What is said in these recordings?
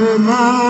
ma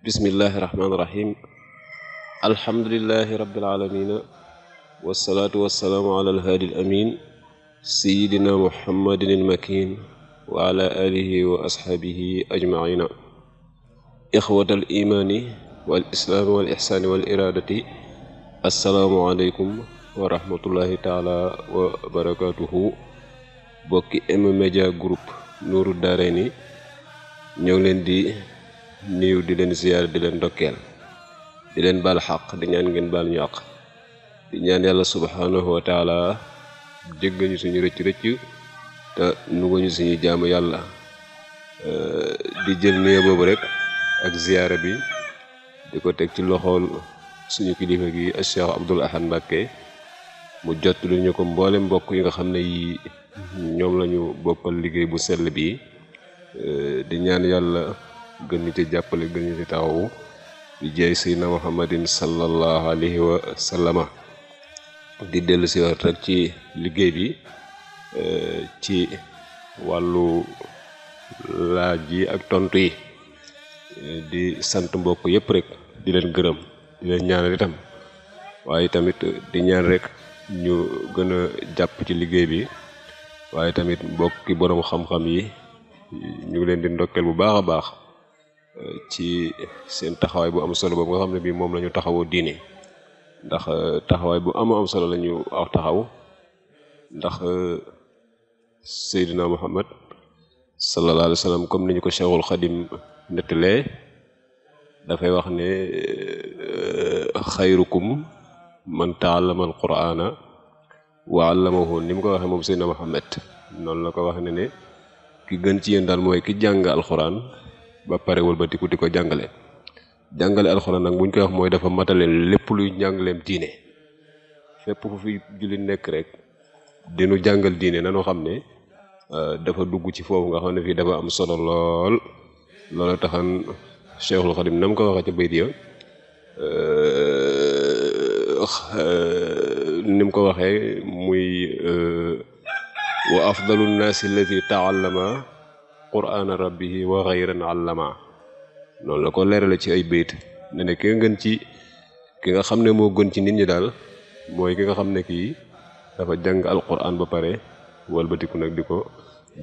bismillahi rahmaani rahim alhamdulilahi rabbil aalamiina wasalaatu wasalaamu ala alhaadi al amin sayidina muhammadin al makin wa ala alihi wa asxaabihi ajmaina ixwata al imaani wal islaami wal ixsaani wal iraadati assalaamu aleykum wa rahmatullahi taala wa barakaatuhu bokki M Media Group Nuuru Daarayni ñëw leen di niiw di leen ziyaar di leen ndokkeel di leen baal xaq di ñaan ngeen baal ñu àq di ñaan yàlla subhaanahu wa taala suñu rëcc rëcc te nugañu suñu jaamu yàlla di jël nuyoo boobu rek ak ziyaara bi di ko teg ci loxool suñu kilifa gi Cheikh Abdoul Ahad Mbacké mu jot lu ñu ko mboole mbokk yi nga xam ne yi ñoom lañu bokkal liggéey bu sell bi di ñaan yàlla gën ñu ci jàppale gën ñu ci taxawu di jaay sayna muhammadin sallallahu alayhi wa sallama di dellu si waat ci liggéey bi eh, ci wàllu laaj yi ak tontu yi di sant mbokk yépp rek di leen gërëm di leen ñaanal itam waaye tamit di ñaan rek ñu gën a jàpp ci liggéey bi waaye tamit mbokki boroom xam-xam yi ñu ngi leen di ndokkeel bu baax a baax ci seen taxawaay bu am solo boobu nga xam ne bii moom lañu ñu taxawoo diine ndax euh, taxawaay bu am am solo lañu ñu taxaw ndax euh, Seydina Muhammad sallallahu alayhi wa comme ni ko Cheikhul Xadim nettalee dafay wax ne euh, xayrukum man taallama alquraana wa allamahu ni mu koy waxee moom Seydina Muhammad noonu la ko wax ne ne ki gën ci yéen daal mooy ki jàng alquran ba pare wëlbatiku di ko jàngale jàngale alxuraan nag bu koy wax mooy dafa matale lépp luy njàngaleem diine fépp fu fi jullit nekk rek dinu jàngal diine nanu xam ne euh, dafa dugg ci foofu nga xam ne fii dafa am solo lool loolu taxan Cheikhul Xadim na mu ko waxee ca bayt ya euh, ni mu ko waxee muy euh, wa afdalu quraana rabbihi wa xayran allama noonu la ko leerale ci ay bayt ne ne ki gën ci ki nga xam ne moo gën ci nit ñi daal mooy ki nga xam ne kii dafa jàng alquran ba pare walbatiku nag di ko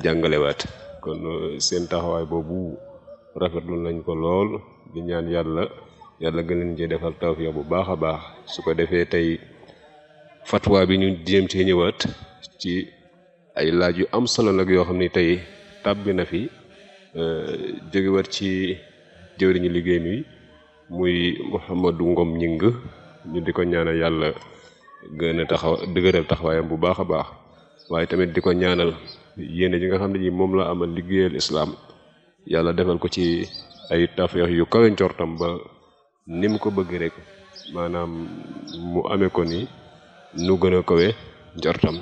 jàngalewaat kon uh, seen taxawaay boobu rafetlu nañ ko lool di ñaan yàlla yàlla gën leen cee defal tawfiq bu baax a baax su ko defee tey fatwa bi ñu jéem cee ñëwaat ci ay laaj yu am solo nag yoo xam ni tey tàbbi na fi euh, jóge war ci jëwriñu liggéey mi muy Mouhamadou Ngom ñing ñu di ko ñaanal yàlla gën a taxaw dëgëral taxawaayam bu baax a baax waaye tamit di ko ñaanal yéene ji nga xam ne ji moom la amal liggéeyal islaam yàlla defal ko ci ay tafeex yu kawe njortam ba ni mu ko bëgg rek maanaam mu amee ko ni nu gën a kawe njortam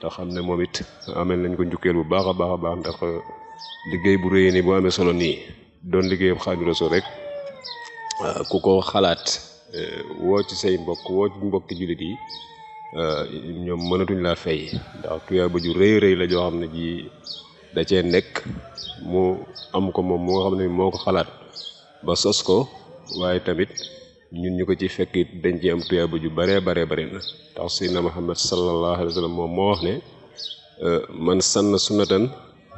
te xam ne moom it amel nañ ko njukkeel bu baax a baax a baax ndax euh, liggéey bu réy nii bu amee solo nii doon liggéey Xaadimu soo rek euh, ku ko xalaat euh, woo ci say mbokk woo ci mbokki jullit yi ñoom mënatuñ laa fay ndax tuyaa ju rëy rëy la joo xam ne ji da cee nekk mu am ko moom mu nga xam ne moo ko xalaat ba sos ko waaye tamit ñun ñu ko ci fekk it dañ ci am tuyaaba ju baree baree bari na tax sayyidina Muhammad sallallahu alayhi moo wax ne euh, man sanna sunnatan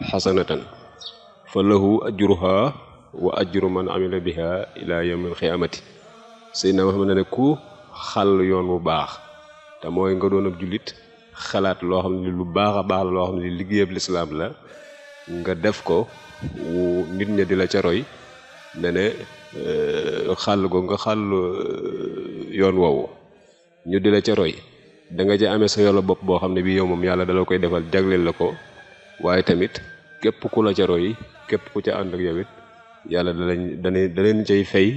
xasanatan fa lahu ajruha wa ajru man amila biha ila yawmil qiyaamati sayyidina Muhammad ne ku xàll yoon wu baax te mooy nga doon ab jullit xalaat loo xam ne lu baax a baax la loo xam ne liggéeyab lislaam la nga def ko nit ña di la ca roy Euh, xàll ko nga xàll euh, yoon woowu ñu di la ca roy danga ca amee sa yoolu bopp boo xam ne bii yow moom yàlla dala koy defal jagleel la ko waaye tamit képp ku la ca roy képp ku ca ànd ak yow it yàlla dalañ dana daleen cay fay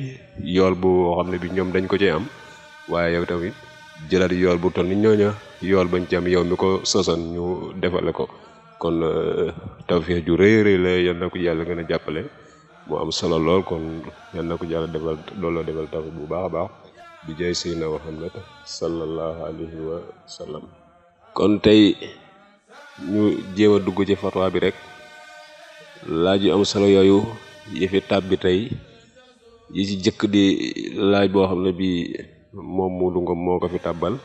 yool bu boo xam ne bi ñoom dañ ko cay am waaye yow tamit jëlaat yool bu toll ñooña yool bañ ci am yow mi ko sosoon ñu defale ko kon euh, tawfeex ju rëy rëy la yal na ko yàlla gën a jàppale mu am solo lool kon yal na ko yàlla defal looloo defal taw bu baax a baax bi jaay Seydina Muhammad sallallahu alayhi wa sallam kon tey ñu jéem a dugg ci fatwa bi rek laaj yu am solo yooyu yi fi tàbbi tey yi ci jëkk di laaj boo xam ne bii moom Modou Ngom moo ko fi tàbbal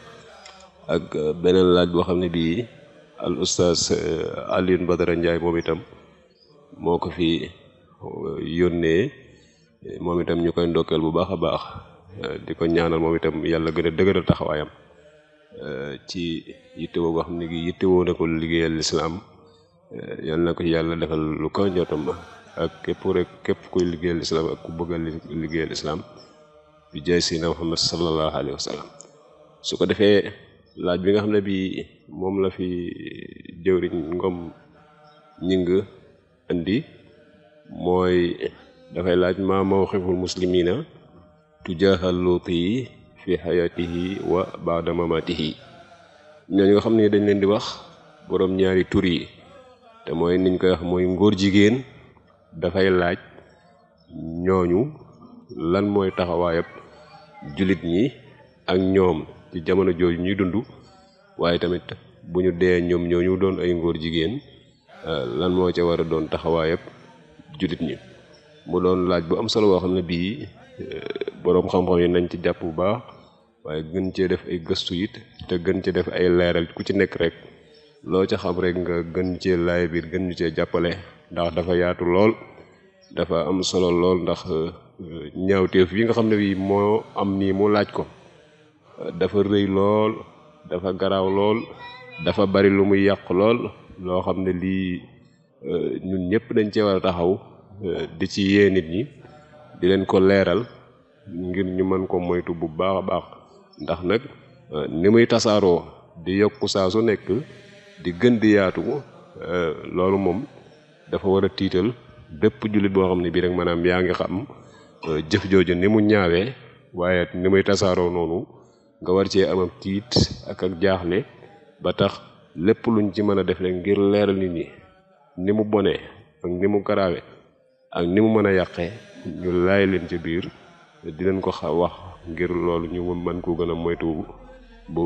ak beneen laaj boo xam ne bii al oustaz eh, Alioune Badara Ndiaye moom itam moo ko fi yónnee moom itam ñu koy ndokkeel bu baax a baax di ko ñaanal moom itam yàlla gën a dëgëral taxawaayam ci yittewoo goo xam ne gi yittewoo na ko liggéeyal lislaam yàlla na ko yàlla defal lu ko njottam ak képp rek képp kuy liggéeyal lislaam ak ku bëgg a liggéeyal lislaam bi jaay sina muhammad sallallahu su ko defee laaj bi nga xam ne bi moom la fi jëwriñ ngom ñing indi mooy dafay laaj ma mawqiful muslimina tujahal luuti yi fi yi wa baada mamaatihi ñooñu nga xam ne dañ leen di wax boroom ñaari tur yi te mooy niñ koy wax mooy ngóor jigéen dafay laaj ñooñu lan mooy taxawaayab jullit ñi ak ñoom ci jamono jooju ñuy dund waaye tamit bu ñu dee ñoom ñooñu doon ay ngóor jigéen euh, lan moo ca war a doon taxawaayab jullit ñi mu doon laaj bu am solo boo xam ne bii eh, boroom xam-xam yi nañ ci jàpp bu baax waaye gën cee def ay gëstu yit te gën ci def ay leeral ku ci nekk rek loo ci xam rek nga gën cee laay biir gën ñu cee jàppale ndax dafa yaatu lool dafa am solo lool ndax eh, ñaawteef yi nga xam ne bii moo am nii mu laaj ko eh, dafa rëy lool dafa garaaw lool dafa bari lu muy yàq lool loo xam ne lii Euh, ñun ñëpp dañ cee war a taxaw euh, di ci yee nit ñi di leen ko leeral ngir ñu mën ko moytu bu baax a baax ndax nag euh, ni muy tasaaroo di yokku saa su nekk di gën di yaatu loolu moom dafa war a tiital bépp jullit boo xam ne bii rek maanaam yaa ngi xam jëf jooju ni mu ñaawee waaye ni muy tasaaroo noonu nga war cee am tiit ak ak jaax jaaxle ba tax lépp luñ ci mën a def rek ngir leeral nit ñi ni mu bone ak ni mu garaawe ak ni mu mën a yàqee ñu laay leen ca biir di leen ko xa wax ngir loolu ñu mën koo gën a moytu bu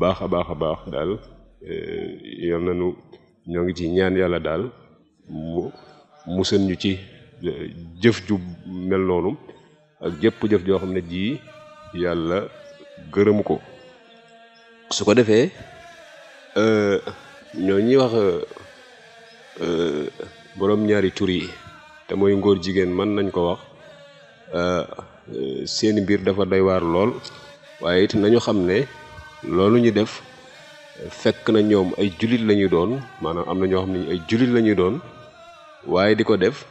baax a baax a baax daal euh, yal nañu ñoo ngi ci ñaan yàlla daal mu musal ñu ci euh, jëf ju mel noonu ak jëpp jëf joo xam ne jii yàlla gërëmu ko su ko defee euh, ñoo ñuy wax Euh, boroom ñaari tur yi te mooy ngóor jigéen mën nañ ko wax euh, euh, seeni mbir dafa day waar lool waaye it nañu xam ne loolu ñu def fekk na ñoom ay jullit la ñu doon maanaam am na ñoo xam ne ay jullit la ñu doon waaye di ko def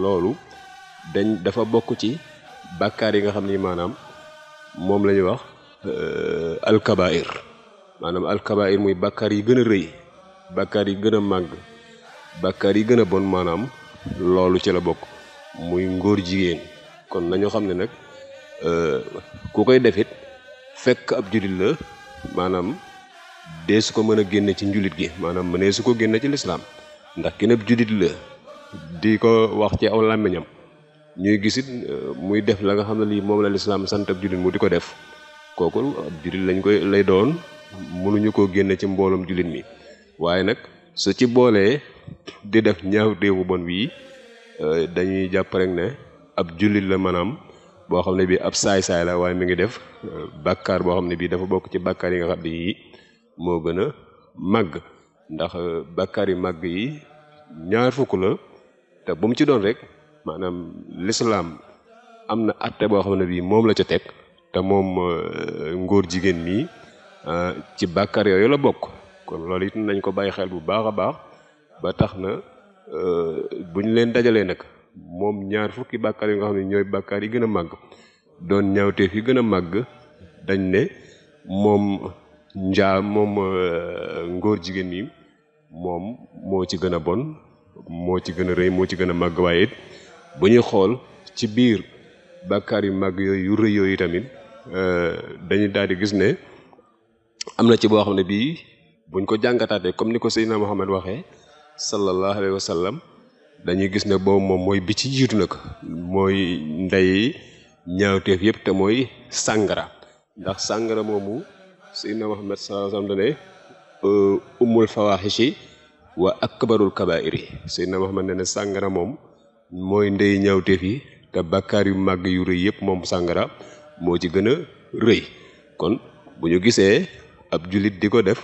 loolu dañ dafa bokk ci bàkkaar yi nga xam ni maanaam moom la ñuy wax alkabair maanaam alkabair muy bàkkaar yi gën a rëy bàkkaar yi gën a màgg bàkkaar yi gën a bon maanaam loolu ci la bokk muy ngóor jigéen kon nañu xam ne nag euh, ku koy defit fekk ab jullit la maanaam dee su ko mën a génne ci njulit gi maanaam mënee su ko génne ci lislaam ndax kenn ab jullit la di ko wax ci aw làmmiñam ñuy gisit euh, muy def la nga xam ne lii moom la lislaam sant ab jullit mu di ko def kooku ab jullit lañ koy lay doon mënuñu koo génne ci mbooloom jullit mi waaye nag su ci boolee di def ñaawteef bu bon wii euh, dañuy jàpp rek ne ab jullit la maanaam boo xam ne bii ab saay-saay la waaye mi ngi def euh, bakkaar boo xam ne bii dafa bokk ci bàkkaar yi nga xam ne yii moo gën a màgg ndax euh, bàkkaar yi màgg yi ñaar fukk la te bu ci doon rek maanaam lislaam am na atte boo xam ne bii moom la ca teg te moom ngóor jigéen mii ci bàkkaar yooyu la bokk kon loolu it nañ ko bàyyi xel bu baax a baax ba tax na euh, bu ñu leen dajalee nag moom ñaar fukki bàkkaar yi nga xam ne ñooy bàkkaar yi gën a màgg doon ñaawteef yi gën a màgg dañ ne moom njaa moom euh, ngóor jigéen yi moom moo ci gën a bon moo ci gën a rëy moo ci gën a màgg waaye bu ñuy xool ci biir bàkkaar yu màgg yooyu yu rëy yooyu tamit euh, dañuy daal di gis ne am na ci boo xam ne bii bu ñu ko jàngataatee comme ni ko Seydina Muhammad waxee sallallahu alayhi wa sallam dañuy gis ne boobu moom mooy bi ci jiitu nag mooy ndey ñaawteef yépp te mooy sàngara ndax sàngara moomu sayyidina Muhammad sallallahu alayhi wa sallam dane ummul fawaaxishi wa akbarul kabairi sayyidina Muhammad ne ne sàngara moom mooy ndey ñaawteef yi te bakkaar yu màgg yu rëy yépp moom sàngara moo ci gën a rëy kon bu ñu gisee ab jullit di ko def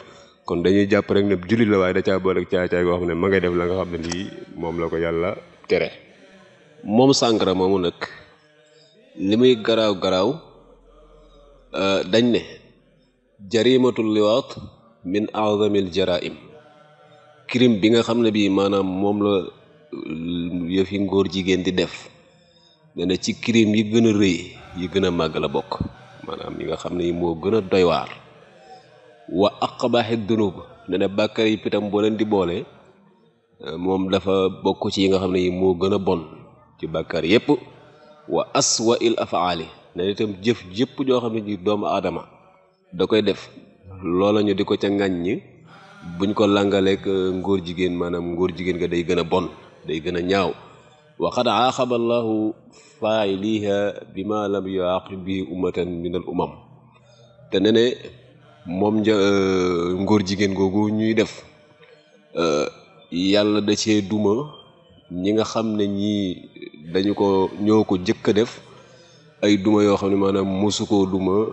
kon dañuy jàpp rek ne jullit la waaye da caa boole ak caay-caay goo xam ne ma ngay def la nga xam ne lii moom la ko yàlla tere moom sàngara moomu nag li muy garaaw garaaw euh, dañ ne jarimatul liwaat min azamil jaraim bi nga xam ne bii maanaam moom la euh, yëfi ngóor jigéen di def nee na ci crime yi gën a rëy yi gën a màgg la bokk maanaam yi nga xam ne yi moo gën a doy wa aqbaaxi dunub ne ne bàkkaar yi itam boo leen di boole moom dafa bokk ci yi nga xam ne yi moo gën a bon ci bàkkaar yépp wa aswa il afaali ne itam jëf jëpp joo xam ne ji doomu aadama da koy def loola ñu di ko ca ñi buñ ko làngaleek euh, ngóor jigéen maanaam ngóor jigéen nga day gën a bon day gën a ñaaw wa qad aaxaba allahu faa'iliha bi ma lam yuaqib bihi ummatan min al umam te ne moom nja euh, ngóor jigéen googu ñuy def euh, yàlla da cee duma ñi nga xam ne ñii dañu ko ñoo ko jëkk a def ay duma yoo xam ne maanaam mosu koo duma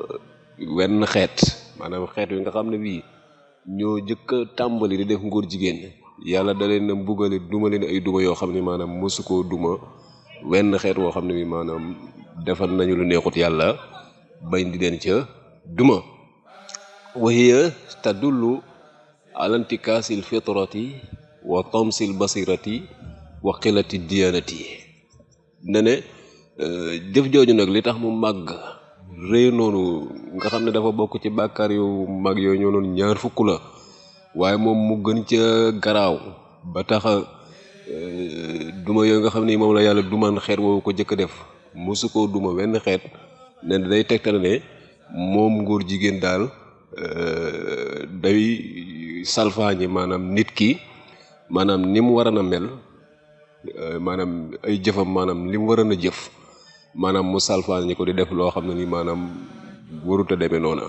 wenn xeet maanaam xeet wi nga xam ne bii ñoo jëkk tàmbali di def ngóor jigéen yàlla da leen a duma leen ay duma yoo xam ne maanaam mosu duma wenn xeet woo xam ne bii maanaam defal nañu lu neexut yàlla bañ di leen ca duma wahiya tadullu ala intikaasi alfitrati wa tamsi albasirati wa qilati diyanati ne ne jëf jooju nag li tax mu màgg rëy noonu nga xam ne dafa bokk ci bàkkaar yu mag yooyu ñoo noonu ñaar fukk la waaye moom mu gën ca garaaw ba tax euh, duma yooyu nga xam ne moom la yàlla dumaan xeet woowu ko jëkk def mosu koo duma wenn xeet ne day tegtal ne moom ngóor jigéen daal Euh, day salfaañi maanaam nit ki maanaam ni mu waroon a mel euh, maanaam ay jëfam maanaam li mu waroon a jëf maanaam mu salfaañi ko di def loo xam ne nii maanaam warut a demee noona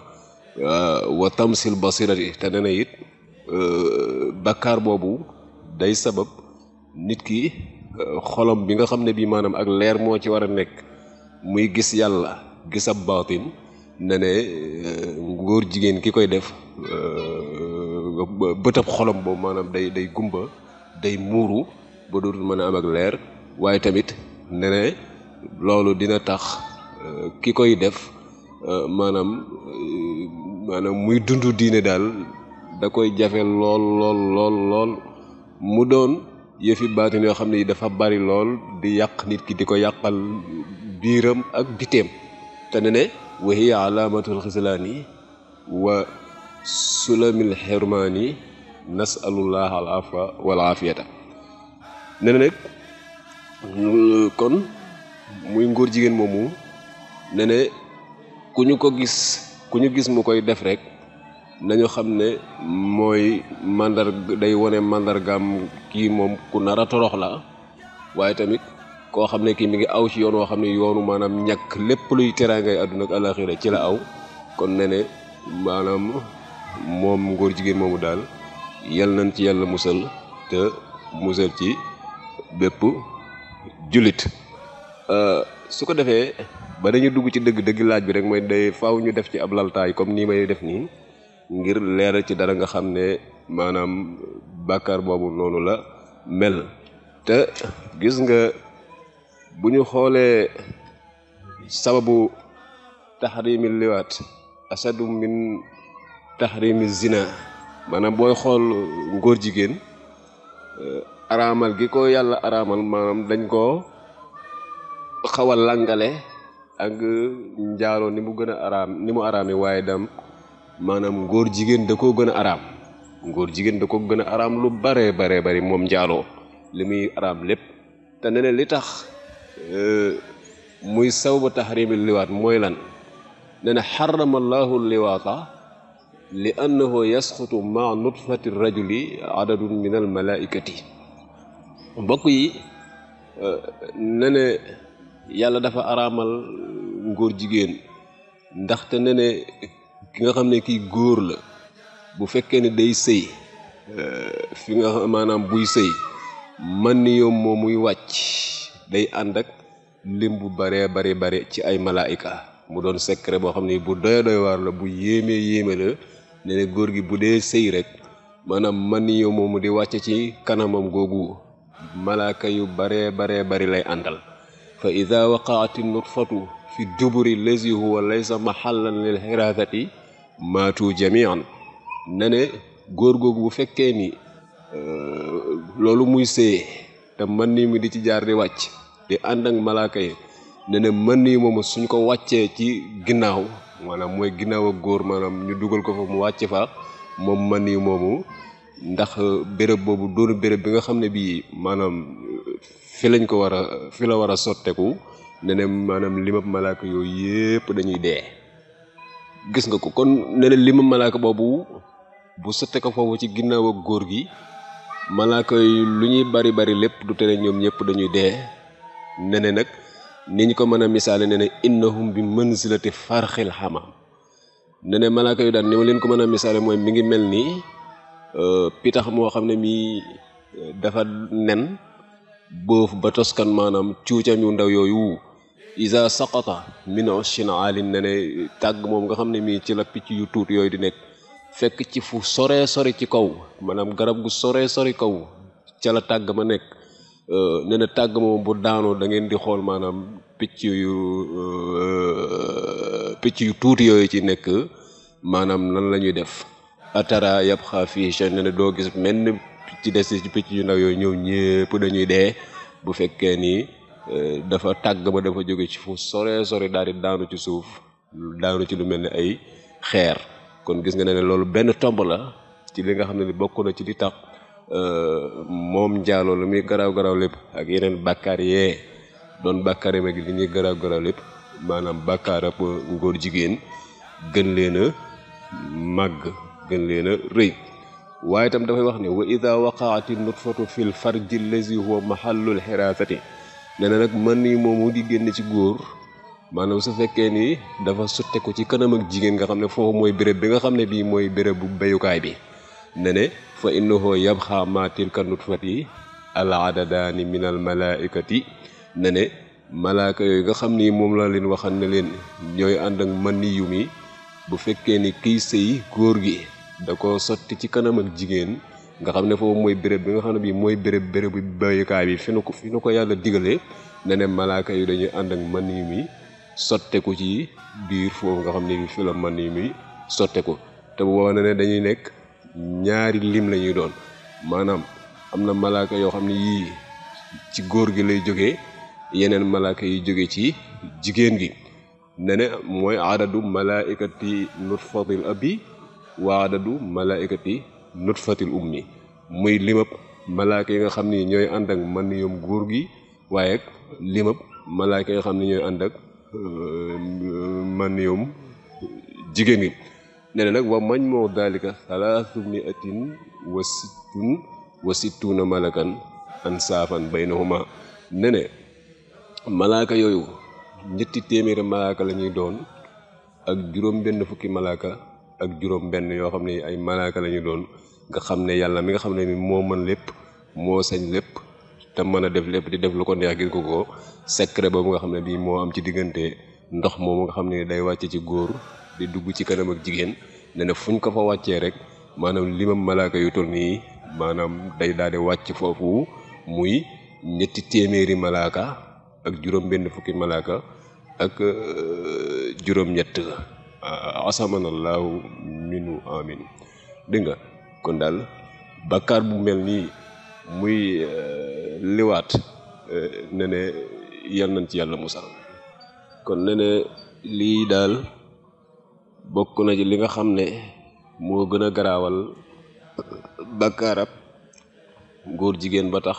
euh, wa tamsil basirati te nee na it bakkaar boobu day sabab nit ki xolom bi nga xam ne bii maanaam ak leer moo ci war a nekk muy gis yàlla gis ab baatin na ne ngóor euh, jigéen ki koy def euh, bëtëb xolom boobu maanaam day day gumba day muuru ba dootul mën a am ak leer waaye tamit ne loolu dina tax euh, ki koy def maanaam maanaam muy dund diine daal da koy jafe lool lool mu doon yëfi baatin yoo xam ne dafa bari lool di yàq nit ki di ko yàqal biiram ak biteem te ne wa hiya alaamatul xislaani wa sulamil xirmaani nasalullah al afa wal afiyata ne na kon muy ngóor jigéen moomu ne ku ñu ko gis ku ñu gis mu koy def rek nañu xam ne mooy màndar day wone mandargaam kii moom ku nar a torox la waaye tamit koo xam ne kii mi ngi aw ci yoon woo xam ne yoonu maanaam ñàkk lépp luy teraangay àdduna ak alaxira ci la aw kon ne ne maanaam moom ngóor jigéen moomu daal yal nañ ci yàlla musal te musal ci bépp jullit euh, su ko defee ba dañu dugg ci dëgg dëgg laaj bi rek mooy day faw ñu def ci ab laltaay comme nii may def nii ngir leeral ci dara nga xam ne maanaam bàkkaar boobu noonu la mel te gis nga bu ñu xoolee sababu taxrimi liwaat asadu min taxrimi zina maanaam booy xool ngóor jigéen eh, araamal gi ko yàlla araamal maanaam dañ koo xaw a langale ak njaaloo ni mu gën a araam ni mu araame waaye dam maanaam ngóor jigéen da koo gën a araam ngóor jigéen da ko gën a araam lu baree bare bari moom njaaloo li muy araam lépp te ne li tax muy saw ba taxrimi liwaat mooy lan nee na liwaata li annahu yasqutu ma nutfati rajuli mbokk yi ne yàlla dafa araamal ngóor jigéen ndaxte ne ki nga xam ne kii góor la bu fekkee ne day sëy fi nga maanaam buy sëy man ni yoom moo muy wàcc day ànd ak lim bu baree bari bari ci ay malaayika mu doon secret boo xam ne bu doy doy waar la bu yéemee yéeme la ne góor gi bu dee sëy rek maanaam man yow moomu di wàcce ci kanamam googu malaaka yu baree baree bari lay àndal fa ida waqaati nutfatu fi duburi lazi huwa laysa mahallan lil xiraasati maatu jamian góor googu bu fekkee ni euh, loolu muy sëyee te mën nii mi di ci jaar di wàcc di ànd ak malaaka yi ne ne mën nii moomu suñ ko wàccee ci ginnaaw maanaam mooy ginnaawa ak góor maanaam ñu dugal ko fa mu wàcc fa moom mën nii moomu ndax béréb boobu doonu béréb bi nga xam ne bii maanaam fi lañ ko war a fi la war a sotteku ne maanaam limab malaaka yooyu yépp dañuy dee gis nga ko kon ne ne limab malaaka boobu bu sotte foofu ci ginnaaw góor gi malaaka yi lu ñuy bari bari lépp du tere ñoom ñëpp dañuy dee ne nag ni ñu ko mën a misaale ne ne innahum bi manzilati farxil xamaam ne ne malaaka yu daan ni ma leen ko mën a misaale mooy mi ngi mel nii euh, pitax moo xam ne mii euh, dafa nen boofu ba toskan maanaam cuucam yu ndaw yooyu isa saqata min oshin alin ne tàgg moom nga xam ne mii ci la picc yu tuut yooyu di nekk fekk ci fu sore sori ci kaw maanaam garab gu soree sori kaw ca la tàgg ma nekk euh, nee na tàgg moom bu daanoo dangeen di xool maanaam picc yu euh, picc yu tuuti yooyu ci nekk maanaam nan la ñuy def atara yab xaa fii ne ne doo gis menn ci des ci picc yu ndaw yooyu ñëw ñëpp dañuy dee bu fekkee ni euh, dafa tàgg ma dafa jóge ci fu soree sori daal di daanu ci suuf daanu ci lu mel ni ay xeer kon gis nga ne loolu benn tomb la ci li nga xam ne ni bokk na ci di tax euh, moom njaaloo lu muy garaaw garaw lépp ak yeneen bàkkaar yee doon bàkkaar yi mag li ñuy garaaw garaaw lépp maanaam bàkkaar ab ngóor jigéen gën leen a màgg gën leen a rëy waaye itam dafay wax ne wa ida waqaati nutfatu fil farji lazi huwa mahallul xiraasati nee na nag mën yi moomu di génn ci góor maanaam su fekkee ni dafa sotteeku ci kanam ak jigéen nga xam ne foofu mooy béréb bi nga xam ne bii mooy béréb béyukaay bi ne ne fa innahu yabxa ma tilka nutfati al adadaani min al malaaikati ne ne malaaka yooyu nga xam ni moom la leen waxan ne leen ñooy ànd ak man yu mi bu fekkee ni kiy sëy góor gi da ko sotti ci kanam jigéen nga xam ne foofu mooy béréb bi nga xam ne bii mooy béréb béréb bu béyukaay bi fi nu ko fi nu ko yàlla digalee ne ne malaaka yi dañuy ànd ak man yu sotteeku ci biir foofu nga xam ne bi man yi muy sotteeku te bu boobaa ne dañuy nekk ñaari lim lañuy doon maanaam am na malaake yoo xam ne yii ci góor gi lay jóge yeneen malaaka yi jóge ci jigéen gi ne ne mooy adadu malaaikati nutfatil abi wa adadu malaaikati nutfatil ummi muy limab malaaka yi nga xam ni ñooy ànd ak man yoom góor gi waaye ak limab malaaka yi nga xam ni ñooy ànd ak Euh, manium jigéen ñi nee na nag mañ moo daalika salaasu miatin wa sittun wa sittuuna malakan an saafan baynahuma ne ne malaaka yooyu ñetti téeméeri malaaka la ñuy doon ak juróom benn fukki malaka ak juróom benn yoo xam ne ay malaka lañuy ñuy doon nga xam ne yàlla mi nga xam ne moo mën lépp moo sañ lépp te mën a def lépp def lu ko neex gis ko ko secret boobu nga xam ne bii moo am ci diggante ndox moomu nga xam ne day wàcce ci góor di dugg ci kanam ak jigéen ne fuñ ko fa wàccee rek maanaam limam malaaka yu toll nii maanaam day daal di wàcc foofu muy ñetti téeméeri malaaka ak juróom benn fukki malaaka ak euh, juróom-ñett asamanallaahu minu amin dégg nga kon daal bakkaar bu mel nii muy euh, liwaat euh, ne yal nañ ci yàlla musal kon ne lii daal bokk na ci li nga xam ne moo gën a garaawal bàkkaarab góor jigéen ba tax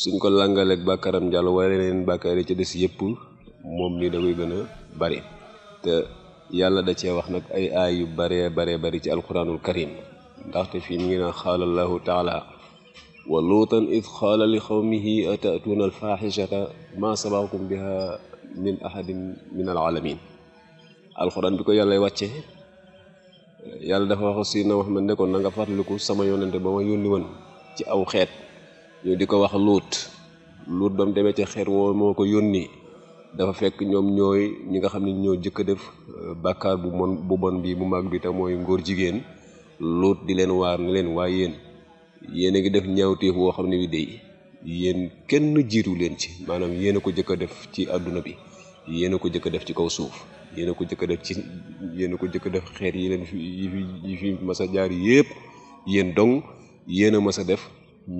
suñ ko làngaleeg bàkkaaram njàll wala yeneen bàkkaar ci des yëpp moom ni da koy gën a bari te yàlla da cee wax nag ay aay yu bare baree bari ci alquranul karim ndaxte fii mu ngi naan xaala allahu wa luutan id qaala li xawmihi atatuuna alfaxishata ma sabakum biha min ahadin min alalamin alxuraan bi ko yàlla wàcce yàlla dafa wax si na Muhammad ne ko na nga ko sama yonente ba ma yónni woon ci aw xeet ñu di ko wax luut luut ba mu demee ci xeet woo moo ko yónni dafa fekk ñoom ñooy ñi nga xam ne ñoo jëkk a def euh, bàkkaar bu mon bu bon bi bu mag bi te mooy ngóor jigéen luut di leen waar ni leen waaye yéen yéen a ngi def ñaawteef woo xam ne bi day yéen kenn jiitu leen ci maanaam yéen a ko jëkk a def ci àdduna bi yéen a ko jëkk a def ci kaw suuf yéen ko jëkk a def ci yéen a ko jëkk a def xeet yi leen fi yi fi yi a jaar yépp yéen dong yéen a mas a def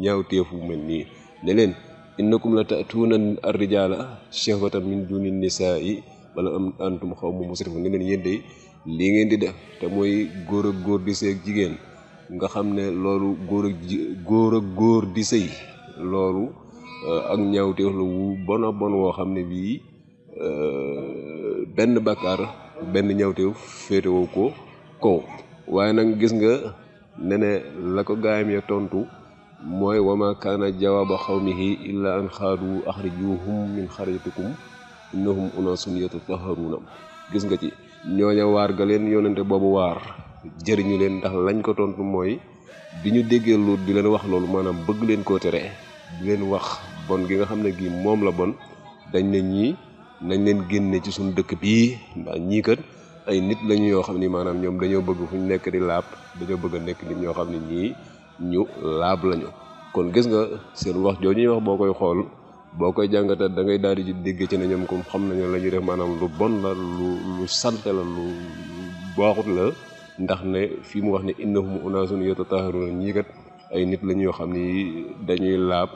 ñaawteef wu mel nii ne leen innakum la ta'tuuna ar-rijaala shahwatan min duni nisaa'i bal antum qawmun musrifun ne leen yéen day lii ngeen di def te mooy góor ak góor di seeg jigéen nga xam ne loolu góor ak góor ak góor di sëy loolu euh, ak ñaawteef la wu bon a bon woo xam ne bii euh, benn bakkaar benn ñaawteef féetewoo ko kaw waaye nag gis nga ne la ko gaayam ya tontu mooy wama kaana jawaaba xawmihi illa an xaadu axrijuhum min xaritikum innahum unaasun yatataharuuna gis nga ci ñooña waar ga leen yonente boobu waar jëriñu leen ndax lañ ko tontu mooy bi ñu déggee Luut di leen wax loolu maanaam bëgg leen koo tere di leen wax bon gi nga xam ne gi moom la bon dañ ne ñii nañ leen génne ci suñu dëkk bii ñii kat ay nit lañu yoo xam ni maanaam ñoom dañoo bëgg fu ñu nekk di laab dañoo bëgg nekk nit ñoo xam ne ñii ñu laab lañu. kon gis nga seen wax jooju ñuy wax boo koy xool boo koy jàngata da ngay daal di dégg ci ne ñoom comme xam nañu la ñuy def maanaam lu bon la lu lu salte la lu baaxut la. ndax ne fii mu wax ne innahum unaasun yatataharuna ñii kat ay nit la ñoo xam ni dañuy laab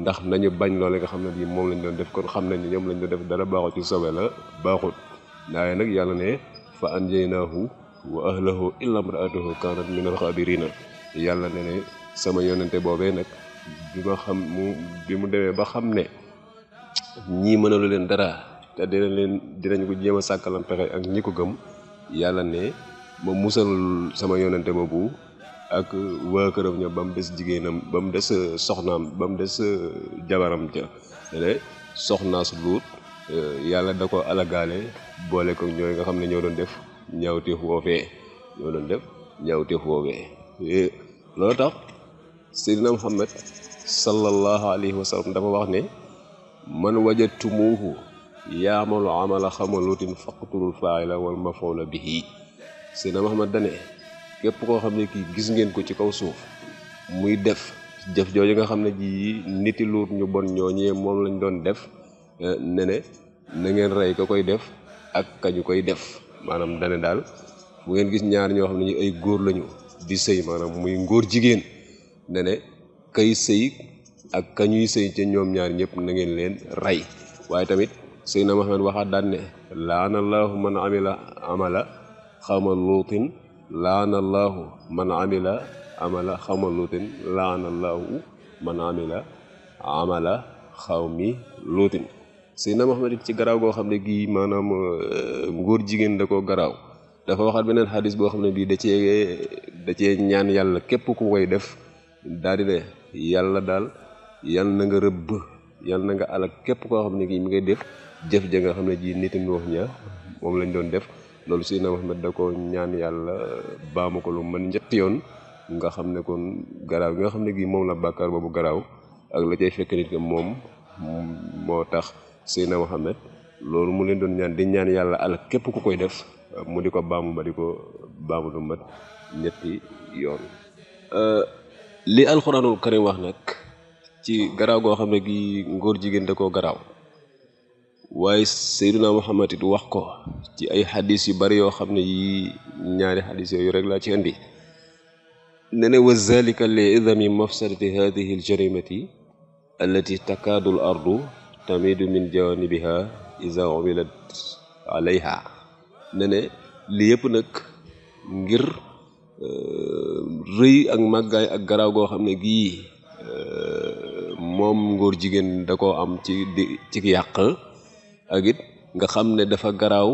ndax nañu bañ loole nga xam ne nii moom lañ doon def kon xam nañ ne ñoom lañ doon def dara baaxut ci sobe la baaxut waaye nag yàlla ne fa anjaynaahu wa ahlahu illa imraatahu kaanat min alxaabirina yàlla ne ne sama yonente boobee nag bi xam mu bi mu demee ba xam ne ñii mënalu leen dara te dina leen dinañ ko jéem a sàkkalan pexe ak ñi ko gëm yàlla ne ma musal sama yonente boobu ak waa këram ña ba mu des jigéenam ba mu des euh, soxnaam ba mu des euh, jabaram ca ne soxnaas luut euh, yàlla da ko alagaale boole ko ñooy nga xam ne ñoo doon def ñaawteef woofee ñoo doon def ñaawteef woofee eh, loolu tax seydina muhammad sallallahu alayhi wa dafa wax ne man wajatumuhu yaamalu amala xamalutin faqtulul faa'ila wal mafuula bihi Seydina Muhammad dane képp koo xam ne kii gis ngeen ko ci kaw suuf muy def jëf jooju nga xam ne ji niti luut ñu bon ñooñee moom lañu doon def eh, ne ne na ngeen rey ka koy def ak kañ koy def maanaam dane daal bu ngeen gis ñaar ñoo xam ne ay góor lañu di sëy maanaam muy ngóor jigéen ne ne kay sëy ak kañuy sëy ca ñoom ñaar ñëpp na ngeen leen rey waaye tamit Seydina Muhammad waxaat daan ne laanallahu man amila amala xawma luutin laanallaahu man amila amala xawma luutin laanallaahu man amila amala xawmi luutin Seydina Muhammad ci garaaw goo xam ne gii maanaam ngóor euh, jigéen da ko garaaw dafa waxaat beneen xadis boo xam ne bii da cee da cee ñaan yàlla képp ku koy def daal di yàlla daal yàlla na nga rëbb yàlla na nga alak képp koo xam ne kii mu ngay def jëf ja xam ne ji nit ñi wax ñaa moom lañ doon def loolu Seydina Muhammad da ko ñaan yàlla baamu ko lu mën ñetti yoon nga xam ne kon garaaw gi nga xam ne gii moom la bàkkaar bu garaaw ak la cay fekk nit ki moom moo tax Seydina Muhammad loolu mu leen doon ñaan di ñaan yàlla al képp ku koy def mu di ko baamu ba di ko baamu lu mat ñetti yoon euh, li alxuraanul karim wax nag ci garaaw goo xam ne gi ngóor jigéen da koo garaaw waaye Seydina Muhammad it wax ko ci ay xadis yu bari yoo xam ne yi ñaari xadis yooyu rek laa ci indi ne ne wa zalika li idami mafsadati hadihi aljarimati allati takaadu ardu tamidu min jawanibiha isa umilat alayha ne li yëpp nag ngir euh, rëy ak màggaay ak garaaw goo xam ne gii euh, moom ngóor jigéen da koo am ci di ci yàq ak it nga xam ne dafa garaaw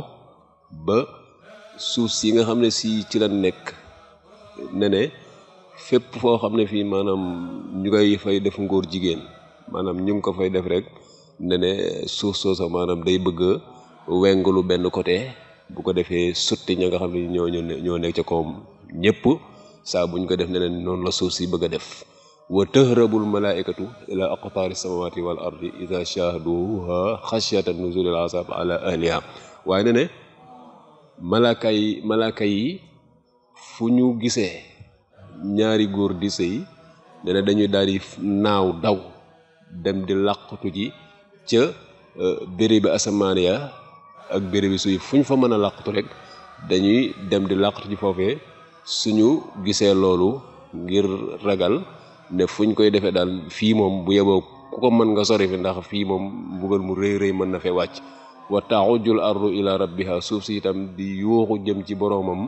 ba suuf si nga xam ne si ci la nekk ne ne fépp foo xam ne fii maanaam ñu koy fay def ngóor jigéen maanaam ñu ngi ko fay def rek ne ne suuf soosa maanaam day bëgg a wengulu benn côté bu ko defee sotti ña nga xam ne ñoo ñoo ñoo nekk ca koom ñëpp saa bu ñu ko def ne ne noonu la suuf si bëgg a def wa tahrabul malaaikatu ila aqtaari samawati wal ardi ida shaahaduha xashyata nuzul al asab ala ahliha waaye ne ne yi malaaka fu ñu gisee ñaari góor di sëy ne dañuy daal di naaw daw dem di làqatu ji ca eh, bérébi asamaan ya ak bérébi suy fu ñu fa mën a làqatu dañuy dem di làqatu ji foofee suñu gisee loolu ngir ragal ne fu ñu koy defee daal fii moom bu yeboo ku ko mën nga sore fi ndax fii moom mbugal mu rëy rëy mën na fee wàcc wa taxujul ardu ila rabbiha suuf si itam di yuuxu jëm ci boroomam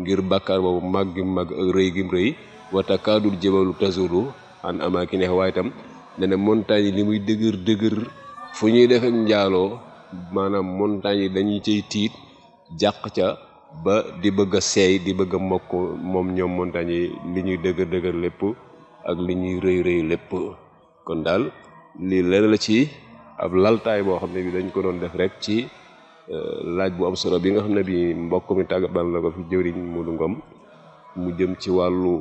ngir bàkkaar boobu mag gi mag ak rëy gim rëy wa takaadul jabalu tazulu an amakinih waaye itam ne ne montagne yi li muy dëgër dëgër fu ñuy defek njaaloo maanaam montagne yi dañuy cay tiit jàq ca ba di bëgg a di bëgg a moom ñoom montagne yi li ñuy dëgër dëgër lépp ak li ñuy rëy rëy lépp kon daal lii lenn la ci ab laltaay boo xam ne bi dañ ko doon def rek ci euh, laaj bu am solo bi nga xam ne bi mbokk mi tàggatal na ko fi jëwriñ Modou Ngom mu jëm ci wàllu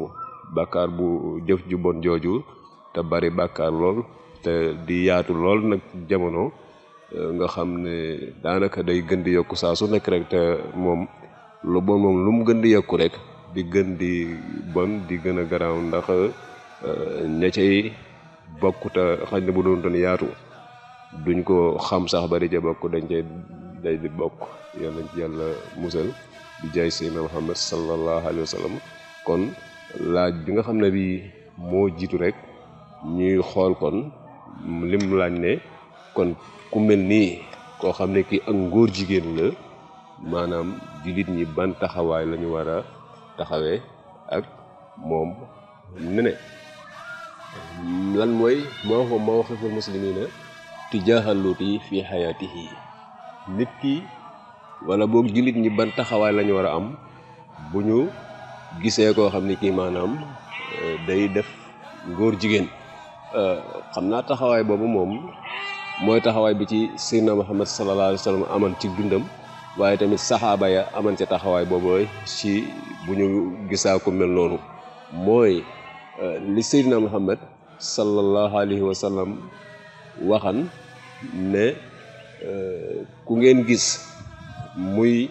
bàkkaar bu jëf ju bon jooju te bari bàkkaar lool te di yaatu lool nag jamono euh, nga xam ne daanaka day gën di yokku saa su nekk rek te moom lu bon moom lu mu gën di yokku rek di gën di bon di gën a garaaw ndax ña euh, cay bokkut xaj na bu doon doon yaatu duñ ko xam sax bari ca bokk dañ cay day di bokk yàlla nañ yàlla musal di jaay seydina muhammad sallallahu kon laaj bi nga xam ne bii moo jiitu rek ñuy xool kon lim laaj ne kon ku mel nii koo xam ne kii ak ngóor jigéen la maanaam jullit ñi ban taxawaay lañu ñu war a taxawee ak moom nene lan mooy maa mawqiful muslimina tijaaha luuti fii xayaatihi nit ki wala boog jullit ñi ban taxawaay lañu war a am bu ñu gisee koo xam ni kii maanaam euh, day def ngóor jigéen euh, xam naa taxawaay boobu moom mooy taxawaay bi ci sirna Muhammad sallallahu alayhi wa sallam aman ci dundam waaye tamit saxaaba ya aman ci taxawaay boobu ci bu ñu gisaa ko mel noonu mooy Euh, li Seydina Muhammad sallallahu alayhi wa sallam waxan ne euh, ku ngeen gis muy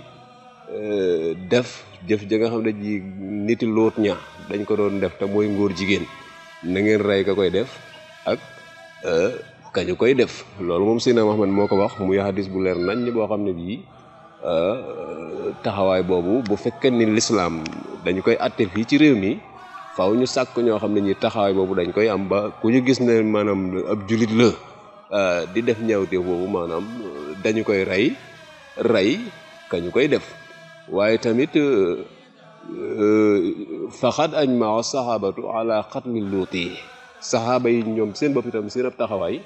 euh, def jëf ja xam ne ji niti loot ña dañ ko doon def te mooy ngóor jigéen na ngeen rey ka koy def ak kañu koy def loolu moom Seydina Muhammad moo ko wax muy hadis bu leer nañ boo xam ne bii taxawaay boobu bu fekkee ni lislaam dañu koy atte fii ci réew mi faaw ñu sàkk ñoo xam ne ñi taxawaay boobu dañ koy am ba ku ñu gis ne maanaam ab julit la euh, di def ñaawteef boobu maanaam euh, dañu koy rey rey ka ñu koy def waaye tamit euh, faxad añ maa saxaabatu xat xatmi luuti saxaaba yi ñoom seen bopp itam seen ab taxawaay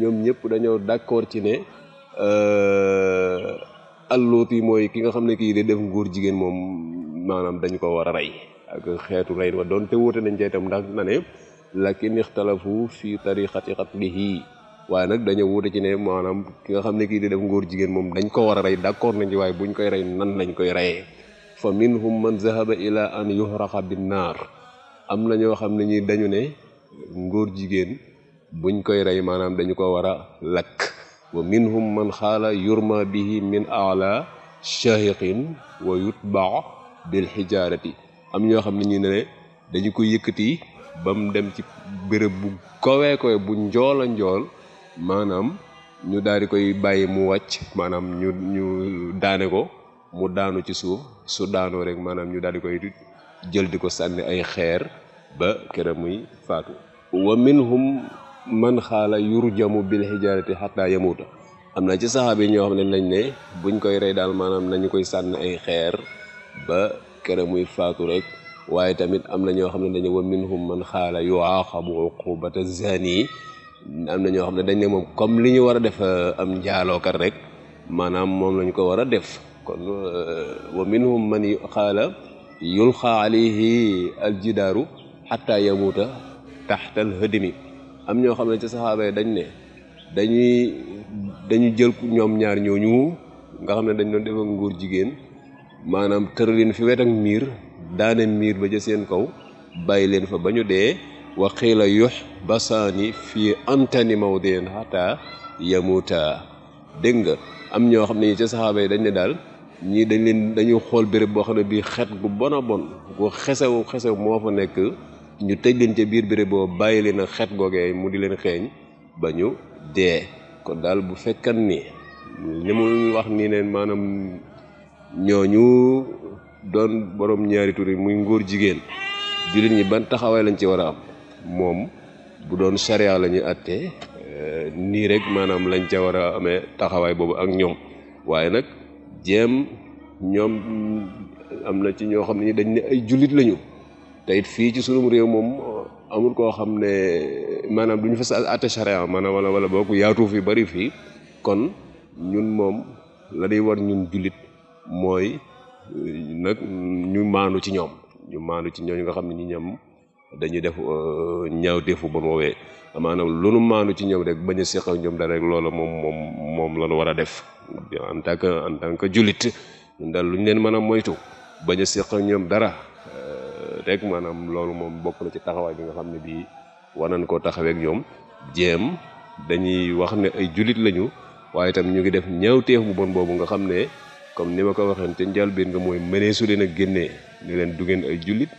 ñoom ñëpp dañoo d'accord ci ne al luuti mooy ki nga xam ne kii de def nguur jigéen moom maanaam dañ ko war a rey ak xeetu rey wa doon te wuute nañ ca itam ndax na ne lakin ixtalafu fi tariqati qatlihi waaye nag dañoo wuute ci ne maanaam ki nga xam ne kii di def ngóor jigéen moom dañ ko war a rey d'accord nañ ci waaye buñ koy rey nan lañ koy reyee fa minhum man zahaba ila an yuhraqa binnaar am na xam ne ñi dañu ne ngóor jigéen buñ koy rey maanaam dañu ko war a lakk wa minhum man xaala yurma bihi min ala shahiqin wa yutbaa bil xijaarati am ñoo xam ne ñu ne dañu ko yëkkati ba mu dem ci béréb bu kowee kowe bu njool njool maanaam ñu daal di koy bàyyi mu wàcc maanaam ñu ñu daane ko mu daanu ci suuf su daanoo rek maanaam ñu daal di koy jël di ko sànni ay xeer ba kera muy faatu wa minhum man xaala yurjamu bil hijarati xataa yamuuta am na ci saxaaba yi ñoo xam ne nañ ne buñ koy rey daal maanaam nañu koy sànni ay xeer ba zakkara muy faatu rek waaye tamit am na ñoo xam ne dañu wa minhum man xaala yuaqabu uqubata zani am na ñoo xam ne dañ ne moom comme li ñu war a def euh, am njaaloo ka rek maanaam moom lañu ko war a def kon euh, wa minhum man xaala yulqa alayhi aljidaaru xatta yamuuta taxtal hadimi am ñoo xam ne ca saxaaba yi dañ ne dañuy dañu jël ñoom ñaar ñooñu nga xam ne dañ doon def ak jigéen maanaam tëral fi wet ak miir daane miir ba ca seen kaw bàyyi leen fa ba ñu dee wa xiila yux basaani fii antani mawdin xata yamuta dégg nga am ñoo xam ne ñi ca saxaaba yi dañ ne daal ñii dañ leen dañu xool béréb boo xam ne bii xet gu bon a xesew xesew moo fa nekk ñu tëj leen ca biir béréb boo bàyyi leen a xet googee mu di leen xeeñ ba ñu dee kon daal bu fekkan ni li mu wax nii ne maanaam ñooñu doon borom ñaari muy ngóor jigéen jullit ñi ban taxawaay lañ ci war a am moom bu doon charia la ñuy àtte eh, nii rek maanaam lañ ca war a amee taxawaay boobu ak ñoom waaye nag jéem ñoom am na ci ñoo xam ne dañ ne ay jullit lañu te fii ci sunum réew moom amul koo xam ne maanaam du ñu fa sa àtte charia maanaam wala wala boo yaatu fi bari fii kon ñun moom la day war ñun jullit mooy euh, nag ñu maandu ci ñoom ñu maandu ci ñooñu nga xam ne ñi ñam dañuy def euh, ñaaw defu ba moowee maanaam lu ci ñoom rek bañ a seq ak rek loola moom moom moom la nu war a def en tant que en leen mën a moytu bañ a seq ak ñoom dara euh, rek maanaam loolu moom bokk na ci taxawaay bi nga xam ne bii war nañ koo taxaweek ñoom jéem dañuy wax ne ay jullit lañu waaye itam ñu ngi def ñaawteef bu bon boobu nga xam ne comme ni ma ko waxee te njëlbéen nga mooy mënee su leen a génnee ni leen du ay jullit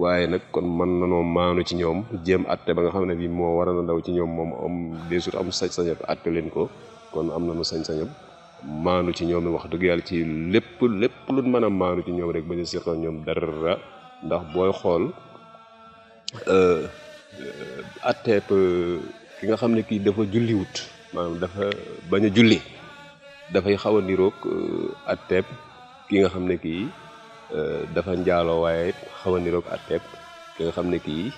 waaye nag kon mën nanoo maanu ci ñoom jéem atte ba nga xam ne bii moo war a ndaw ci ñoom moom am deesut am sañ-sañab atte leen ko kon am nañu sañ-sañab maanu ci ñoom wax dëgg yàlla ci lépp lépp lu mën a maanu ci ñoom rek ba ñu seqal ñoom dara ndax booy xool euh, atteeb euh, ki nga xam ne kii dafa julliwut maanaam dafa bañ a julli dafay euh, euh, xaw a niroog atteeb ki nga xam ne kii dafa njaaloo waaye xaw a niroog atteeb nga xam ne kii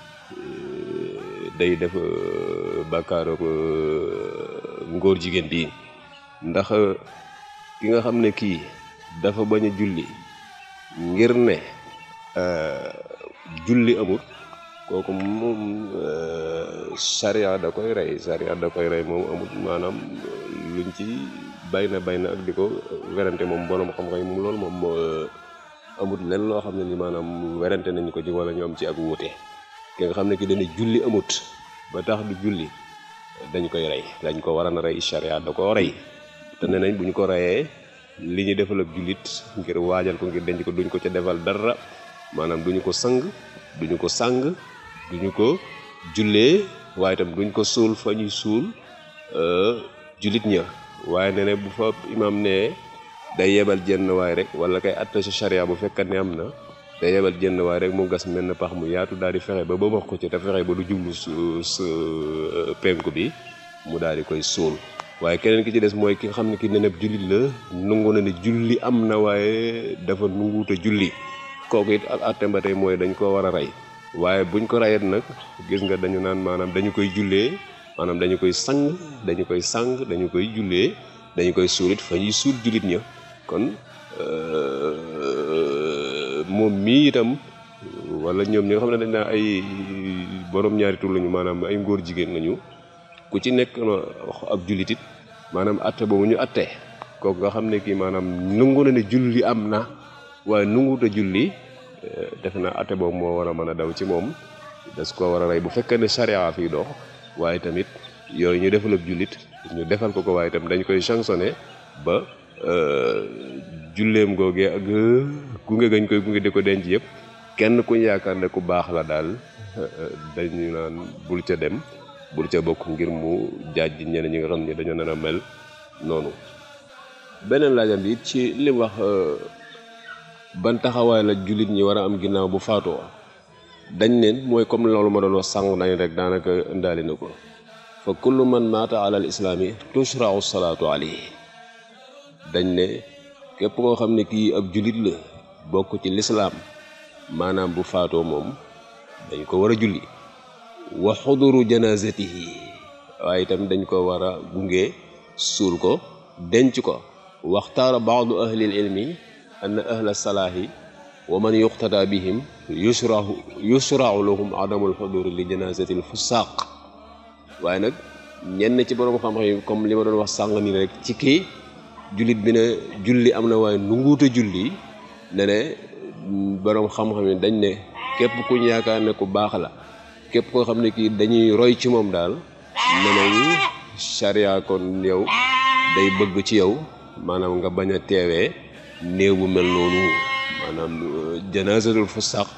day def euh, bàkkaaroog ngóor jigéen bii ndax ki nga xam ne kii dafa bañ a julli ngir ne julli amul kooku moom sariya da koy rey sariya da koy rey moom amul maanaam luñ ci bay na bay na ak di ko werante moom borom xam-xam yi moom loolu moom euh, amut lenn loo xam ne ni maanaam werante nañ ko ci wala ñoom ci ak wute ki nga xam ne ki dañuy julli amut ba tax du julli dañ koy rey dañ ko war a rey charia da koo rey te ne nañ bu ñu ko reyee li ñu defal ab jullit ngir waajal ko ngir dañ ko duñ ko ca defal dara maanaam ñu ko sang duñu ko sang duñu ko jullee waaye itam duñ ko suul fa ñuy suul euh, julit ña waaye ne bu fa imam ne day yebal jenn waay rek wala kay atta sa charia bu fekkat ne am na day yebal jenn waay rek mu gas mel na pax mu yaatu daal di fexe ba ba wax ko ci te fexe ba du jublu euh, penku bi mu daal di koy suul waaye keneen ki ci des mooy ki nga xam ne ki neneb jullit la nangu na ne julli am na waaye dafa nanguuta julli kooku it ak àtteem tey mooy dañ ko war a rey waaye buñ ko rayet nag gis nga dañu naan maanaam dañu koy jullee maanaam dañu koy sang dañu koy sang dañu koy jullee dañu koy suurit fa ñuy suul jullit ñë kon euh, moom mii itam walla ñoom ñi nga xam ne dañ naa ay borom ñaari tur lañu maanaam ay ngóor jigéen lañu ku ci nekk wax ab jullit maanaam atte boobu ñu atte kook nga xam ne kii maanaam nungu na ne julli am na waaye nungut a julli euh, def na ate boobu moo war a mën a daw ci moom das ko war a rey bu fekkee ne charia fiy dox waaye tamit yooyu ñu defal ab jullit ñu defal ko ko waaye tam dañ koy sanctionné ba euh, julleem googee ak gunge gañ koy gunge di ko denc yëpp kenn ku ñu yaakaar ne ku baax la daal euh, dañu naan bul ca dem bul ca bokk ngir mu jaaj ñeneen ñi nga xam ne dañoo nar a mel noonu. beneen laajam bi ci lim mu wax euh, ban taxawaay la jullit ñi war a am ginnaaw bu faatoo. dañ neen mooy comme loolu ma doon wax sànq nañ rek daanaka indaale na ko fa kullu man maata ala al islaami tushrau salaatu alayhi dañ ne képp koo xam ne kii ab jullit la bokk ci lislaam maanaam bu faatoo moom dañ ko war a julli wa xuduru janazatihi waaye itam dañ ko war a gunge suul ko denc ko waxtaara baadu ahlil ilmi anna ahla salaahi wa man yuqtada bihim yusrahu yusrahu lahum adamul xuduri li janazatil fusaq waaye nag ñenn ci borom xam-xam yi comme li ma doon wax sàng nii rek ci kii jullit bi ne julli am na waaye nunguute julli ne ne xam-xam yi dañ ne képp ku yaakaar ne ku baax la képp koo xam ne kii dañuy roy ci moom daal ne nañu charia yow day bëgg ci yow maanaam nga bañ a teewee néew bu mel noonu. maanaam fu euh, fusaq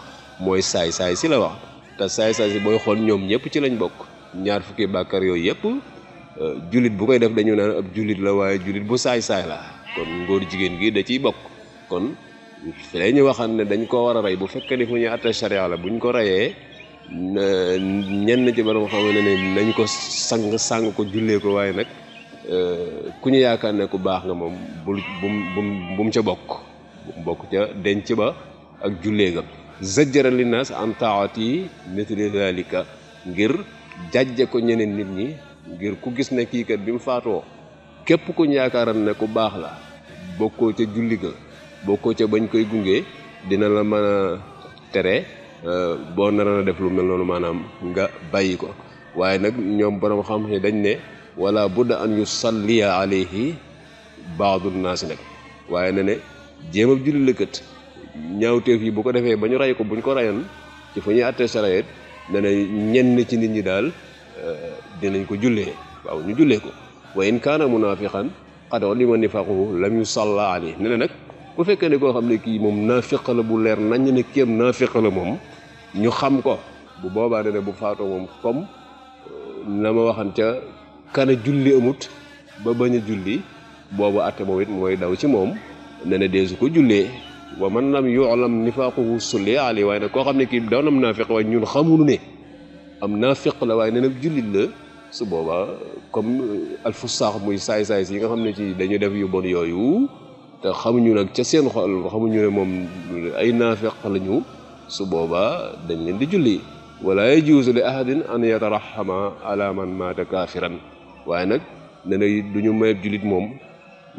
mooy saay-saay si la wax te saay-saay si booy xool ñoom ñëpp ci lañ bokk ñaar fukki bàkkar yooyu yëpp euh, jullit bu koy def dañu naan ab jullit la waaye jullit bu saay-saay la kon ngóor jigéen gi da ciy bokk kon fi la waxaan ne dañ ko war a rey bu fekkee ne fu ñu atta charia la buñ ko reyee ñenn ci borom xam ne ne nañ ko sang sang ko jullee ko waaye nag euh, ku ñu yaakaar ne ku baax nga moom bu bu bu ca bokk bokk ca denc ba ak jullee ga zajjara linnaas an taati mithli zalika ngir jajje ko ñeneen nit ñi ngir ku gis ne kii kat bi mu faatoo képp ku ñu yaakaaran ne ku baax la bokkoo ca julli ga bokkoo ca bañ koy gunge dina la mën a tere euh, boo naroon a def lu mel noonu maanaam nga bàyyi ko waaye nag ñoom borom xam ne dañ ne wala budda an yusalliya alayhi baadu naasi nag waaye na ne jéem ab jullit la kët ñaawteef yi bu ko defee ba ñu ray ko bu ñu ko rayoon ci fu ñuy àttee sareet ne na ñenn ci nit ñi daal euh, dinañ ko jullee waaw ñu jullee ko wa in kaana munaafiqan qad ulima nifaquhu lam yusalla alayhi ne nag bu fekkee ne koo xam ne kii moom naafiq la bu leer nañ ne kéem naafiq la moom ñu xam ko bu boobaa ne bu faatoo moom comme na euh, ma waxan ca kana julli amut ba bañ a julli boobu atte moom it mooy daw ci moom ne na deesu ko jullee wa man lam yu'lam nifaaquhu sulli ali waaye nag koo xam ne kii doon am naafiq waaye ñun xamunu ne am naafiq la waaye nee na jullit la su boobaa comme euh, alfusaax muy saay-saay yi nga xam ne ci dañu def yu bon yooyu te xamuñu nag ca seen xamuñu ne moom ay naafiq lañu su boobaa dañ leen di julli wala yajuusu li ahadin an yatarahama ala maata kaafiran waaye nag nee duñu du ñu mayeb jullit moom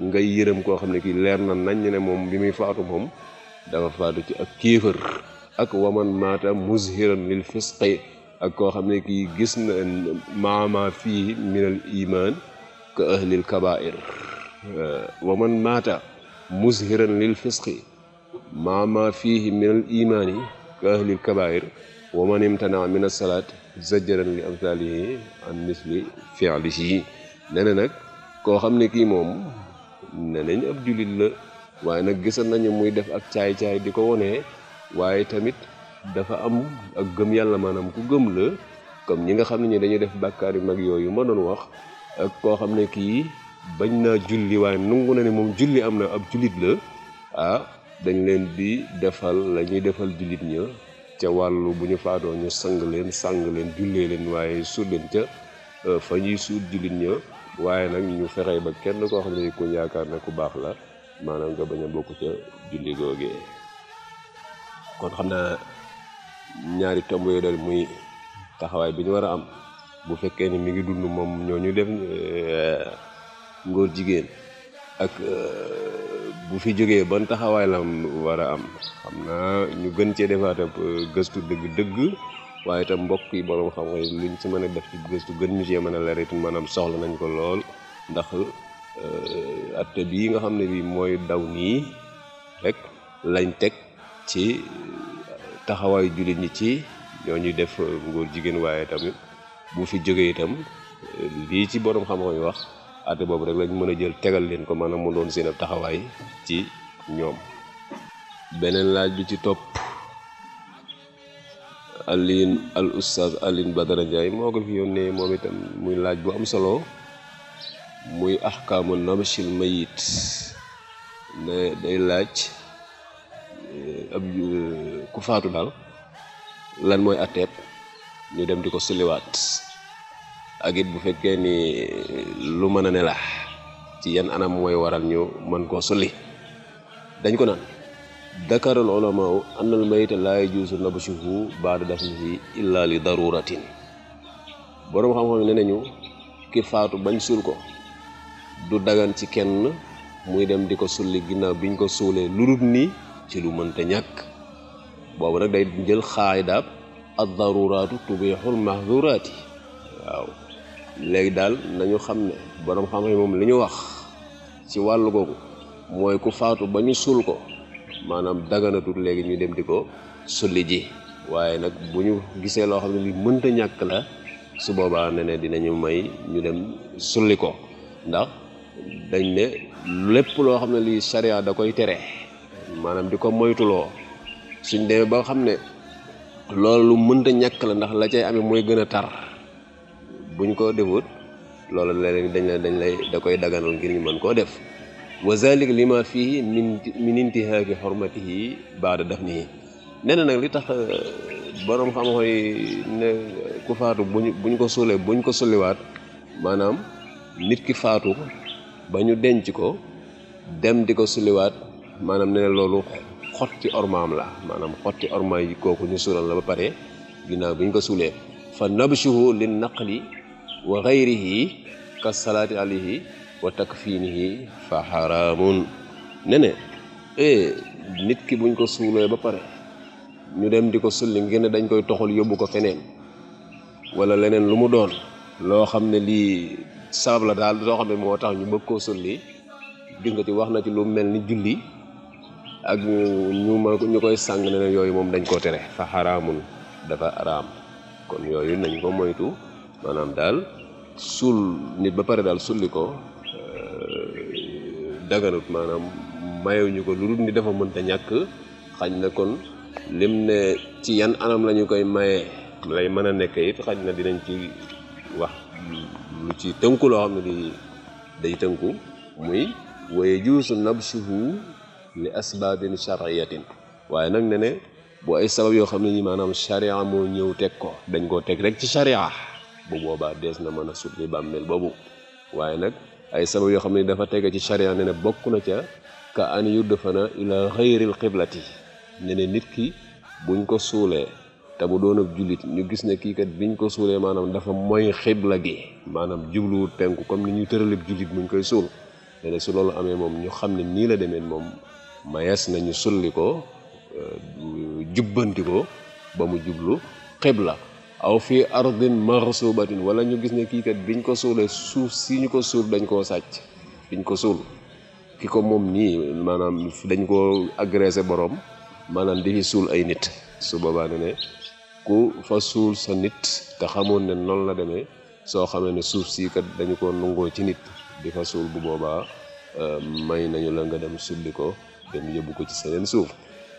ngay yërëm koo xam ne kii leer na nañ ne moom bi muy faatu moom dafa faatu ci ak kéefër ak waman maata muzhiran lil fisqi ak koo xam ne kii gis na maama fii minal iman ka ahlil kabair waman maata muzhiran lil fisqi maama fiihi minal imaani ka ahlil kabair waman imtana min asalaat zajjaran li amthalihi an misli fi'lihi nee nag koo xam ne kii moom ne nañ ab jullit la waaye nag gisal nañu muy def ak caay-caay di ko wonee waaye tamit dafa am ak gëm yàlla manam ku gëm la comme ñi nga xam ne ñi dañuy def bàkkaar yu mag yooyu ma doon wax ak koo xam ne kii bañ naa julli waaye nangu na ne moom julli am na ab jullit la ah dañ leen di defal lañuy defal jullit ña ca wàllu bu ñu faatoo ñu sang leen sang leen jullee leen waaye suul leen ca euh, fa ñuy suut jullit ña waaye nag ñu fexe ba kenn koo xam ne kuñ yaakaar ne ku baax la maanaam nga bañ a bokk ca julli googee kon xam naa ñaari tomb yooyu daal muy taxawaay bi ñu war a am bu fekkee ni mi ngi dund moom ñoo ñu def eh, ngóor jigéen ak eh, bu fi jógee ban taxawaay la war a am xam naa ñu gën cee defaat ab eh, gëstu dëgg-dëgg waaye itam mbokk yi borom xam nga li ci mën a def ci gëstu gën ñu cee mën a leer itam maanaam soxla nañ ko lool ndax euh, atte bii nga xam ne bii mooy daw nii rek lañ teg ci euh, taxawaayu jullit ñi ci ñoo ñuy def euh, ngóor jigéen waaye tamit bu fi jógee itam lii ci borom xam-xam yi wax atte boobu rek lañ mën a jël tegal leen ko maanaam mu doon seen ab taxawaay ci ñoom beneen laaj bi ci topp Aline al oustaz Aline Badara moo ko fi yónnee moom itam muy laaj bu am solo muy ahkaamu nabshil mayit ne day laaj eh, ab eh, ku faatu daal lan mooy atteeb ñu dem di ko suliwaat ak it bu fekkee ni eh, lu mën a ne la ci yan anam mooy waral ñu mën koo sulli dañ ko naan dakarul ulamau annal mayta laa yajuusu nabshuhu baada dafnihi illa li daruratin boroom xam-xam ne nañu ki faatu bañ suul ko du dagan ci kenn muy dem di ko sulli ginnaaw biñ ko suulee lu dul nii ci lu mënta ñàkk boobu nag day jël xaay xaayidaab ad daruraatu tubixul mahduraati waaw léegi daal nañu xam ne boroom xam-xam moom li ñu wax ci wàllu googu mooy ku faatu ba ñu suul ko maanaam daganatul léegi ñu dem di ko sulli ji waaye nag bu ñu gisee loo xam ne li mënta ñàkk la su boobaa ne ne dinañu may ñu dem sulli ko ndax dañ ne lépp loo xam ne lii charia da koy tere maanaam di ko moytuloo suñ demee ba xam ne loolu lu mënta ñàkk la ndax la cay amee mooy gën a tar buñ ko defut loolu leneen dañ la dañ lay da koy daganal ngir ñu mën koo def wa zalika lima fii min min intihaaki xormatihi baada dafnihi nee na nag li tax euh, boroom xam-xam ne ku faatu buñ buñ ko suulee buñ ko sulliwaat maanaam nit ki faatu ba ñu denc ko dem di ko sulliwaat maanaam nee na loolu xotti ormaam la maanaam xotti orma yi kooku ñu suulal la ba pare ginnaaw bi ñu ko suulee fa nabshuhu naq naqli wa yi ka salaati alayhi wa takfiinihi fa xaraamun ne ne eh, nit ki buñ ko suulee ba pare ñu dem di ko sulli ngir ne dañ koy toxal yóbbu ko feneen wala leneen lu mu doon loo xam ne lii sabab la daal loo xam ne moo tax ñu bëgg koo sulli di nga ci wax na ci lu mel ni julli ak ñu ma ñu koy sàng ne leen yooyu moom dañ koo tere fa xaraamun dafa araam kon yooyu nañ ko moytu maanaam daal suul nit ba pare daal sulli ko daganut maanaam ñu ko lu dul ni dafa mënta ñàkk xaj na kon lim ne ci yan anam lañu koy mayee lay mën a nekk it xaj na dinañ ci wax lu ci tënku loo xam ne di day tënku muy waye juusu nabsuhu li asbaabin chariyatin waaye nag ne ne ay sabab yoo xam ne ñi maanaam charia moo ñëw teg ko dañ koo teg rek ci charia bu boobaa des na mën a sutli bàmmeel boobu waaye nag ay sabab yoo xam ne dafa tege ci charia ne ne bokk na ca ka an yuddfana ila xayril xiblati ne ne nit ki buñ ko suulee te mu doon ab jullit ñu gis ne kii kat biñ ko suulee maanaam dafa mooy xibla gi maanaam jubluwul penku comme ni ñuy tëralib jullit buñ koy suul ne ne su loolu amee moom ñu xam ne nii la demeen moom mayees nañu sulli ko euh, jubbanti ko ba mu jublu xibla aw fii ardin marsubatin wala ñu gis ne kii kat biñ ko suulee suuf si ñu ko suul dañ koo sàcc biñ ko suul ki ko moom nii maanaam dañ koo agressé borom maanaam di fi suul ay nit su boobaa ne ne ku fa suul sa nit te xamoon ne noonu la demee soo xamee ne suuf sii kat dañu ko nungoo ci nit di fa suul bu boobaa euh, may nañu la nga dem sulli ko dem yóbbu ko ci seneen suuf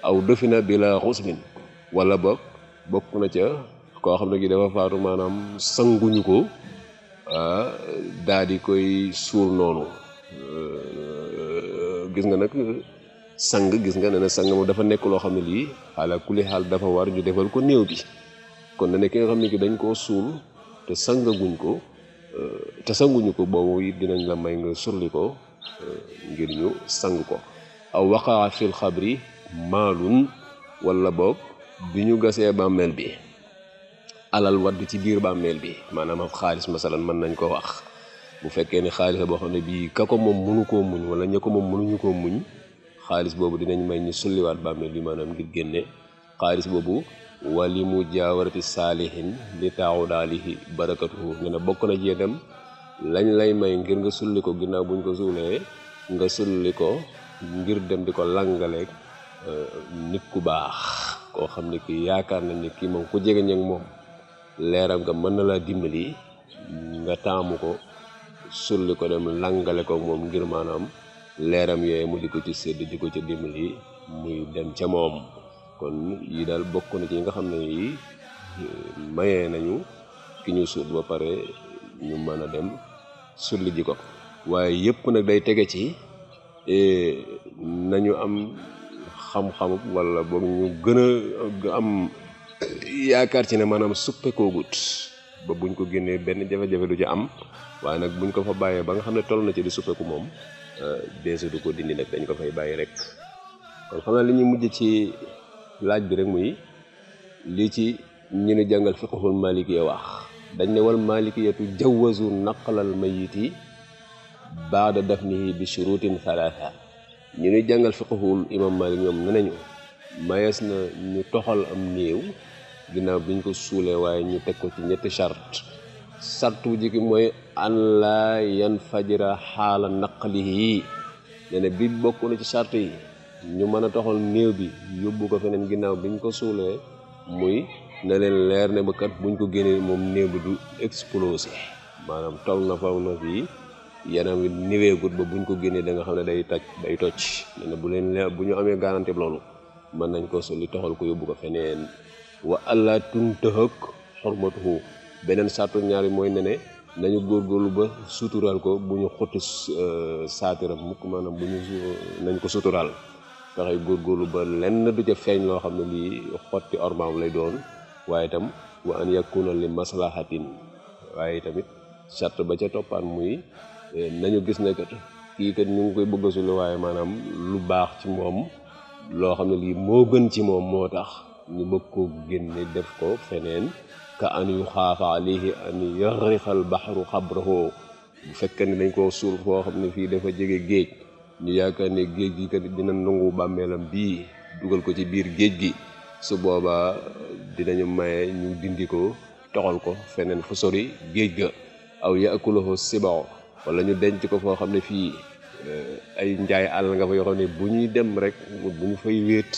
aw bi bila rusmin wala walla bokk na ca koo xam ne gi dafa faatu maanaam sanguñu ko ah, daa di koy suul noonu euh, gis nga nag sang gis nga ne na sang moom dafa nekk loo xam ne lii ala kulli xaal dafa war ñu defal ko néew bi kon na ne nga xam ne ki dañ koo suul te sangaguñ ko euh, te sanguñu ko boobu it dinañ la may nga surli ko euh, ngir ñu sang ko aw waqaa fil xabri maalun wala boog bi ñu gasee bàmmeel bi alal wadd ci biir bàmmeel bi maanaam ab xaalis masalan mën nañ ko wax bu fekkee ne xaalis boo xam ne bii ka ko moom mënu koo muñ wala ña ko moom ñu koo muñ xaalis boobu dinañ may ñu sulliwaat bàmmeel bi maanaam ngir génne xaalis boobu wali mu jaawarati saalihin li taawu daalihi barakatuhu nga ne bokk na jee lañ lay may ngir nga sulli ko ginnaaw buñ ko suulee nga sulli ko ngir dem di ko langaleeg euh, nit ku baax koo xam ne ki yaakaar nañ ne kii moom ku jege ñeeg moom leeram nga mën na laa dimbali nga taamu ko sulli ko dem langale ko moom ngir maanaam leeram yooyu mu di ko ci sédd di ko ci dimbali muy dem ca moom kon yi daal bokk na ci yi nga xam ne yi mayee nañu ki ñu suul ba pare ñu mën a dem sulli ji ko waaye yëpp nag day tege ci e, nañu am xam-xam wala boog ñu gën am yaakaar ci ne maanaam suppeekoo gut ba buñ ko génnee benn jafe-jafe du ci am waaye nag buñ ko fa bàyyee ba nga xam ne toll na ci di suppeeku moom euh, deese du ko dindi nag dañ ko fay bàyyi rek kon xam li ñuy mujj ci laaj bi rek muy lii ci ñu ne jàngal fiqhul dañ ne wal malikiyatu jawazu naqlal mayiti baada dafnihi bi shurutin thalatha ñu ne jàngal fiqhul imam malik ñoom ne nañu mayees na ñu toxal am néew ginnaaw bi ñu ko suulee waaye ñu teg ko ci ñetti charte charte bu jikki mooy an laa yan fajira xaala naqlihi yi na bi bokk na ci charte yi ñu mën a toxal néew bi yóbbu ko feneen ginnaaw bi ñu ko suulee muy na leen leer ne ba kat buñ ko génnee moom néew bi du explosé maanaam toll na faw na fii yaram wi niweegut ba buñ ko génnee da nga xam ne day taj day tocc nee na bu leen leer bu ñu amee garantie loolu mën nañ ko soli toxal ko yóbbu ko feneen waa allah tuntahëk xormatuhu beneen sartu ñaari mooy ne ne góor góorlu ba sutural ko bu ñu xotti euh, saatiram mukk maanaam bu ñu nañ ko sutural suturaal góor góorgóorlu ba lenn du ca feeñ loo xam ne lii xotti ormaam lay doon waaye tam wa an yakuna li maslahatin waaye tamit sart ba ca toppaan muy euh, nañu gis ne kat kii kat ñu ngi koy bëgg a waaye maanaam lu baax ci moom loo xam ne lii moo gën ci moom moo tax ñu bëgg ko génne def ko feneen ka an yu xaafa alayhi an yarixal baxru xabrahu bu fekkee ne dañ koo suul foo xam ne fii dafa jege géej ñu yaakaar ne géej gi kat dina nangu bàmmeelam bii dugal ko ci biir géej gi su booba boobaa dinañu maye ñu dindi ko toxal ko feneen fu sori géej ga aw yaakulahu sibao wala ñu denc ko foo xam ne fii eh, ay njaay àll nga fa yoo bu ñuy dem rek bu ñu fay wéet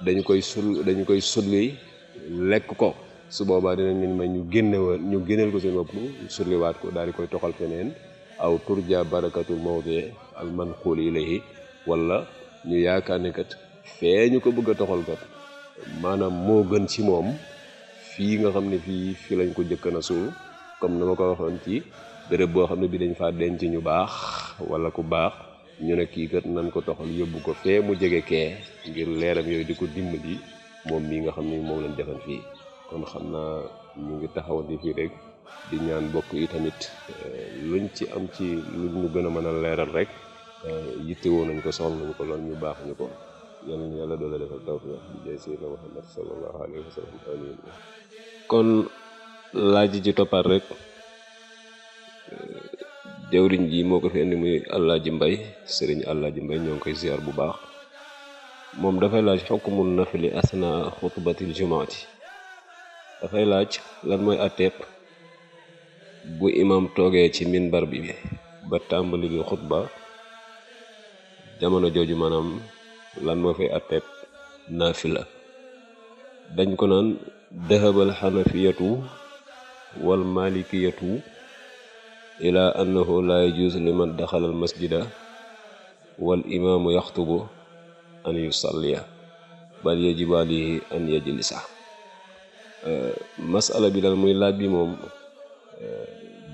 dañu koy sul dañu koy sulli lekk ko su boobaa dinañ leen may ñu génne ñu génneel ko seen bopp sulliwaat ko daal di koy toxal feneen aw turja barakatu alman al manqul ilayhi walla ñu yaakaar ne kat fee ñu ko bëgg a toxal kat maanaam moo gën ci moom fii nga xam ne fii fii lañ ko jëkkan a suul comme na ma ko waxoon ci béréb boo xam ne bi dañ faa denc ñu baax wala ku baax ñu ne kii kat nan ko toxal yóbbu ko fee mu jege kee ngir leeram yooyu di ko ji moom mii nga xam ni moom lañ defal fii kon xam naa ñu ngi taxawandi fii rek di ñaan bokk yi tamit eh, luñ ci am ci luñ gën a mën a leeral rek eh, yittewoo nañ ko soxla nañ ñu baax ñu ko yal na yàlla doole defal tawfiq bi jay kon laaj ji ci toppaat rek eh, jawriñ ji moo ko fi indi muy Alaaji Mbay sëriñ Alaaji Mbay ñoo ngi koy ziar bu baax moom dafay laaj xukmu nafli asna xutbatil jumaati dafay laaj lan mooy atteeb bu imam toogee ci minbar bi ba tàmbali bi xutba jamono jooju maanaam lan moo fay atteeb nafila dañ ko naan dahabal xanafiyatu wal malikiyatu ilaa annahu laa yajuus liman daxala al masjida wal imaamu yaxtubu an yusalliya bal yajibu alayhi an yajlisa masala bi daal muy laaj bi moom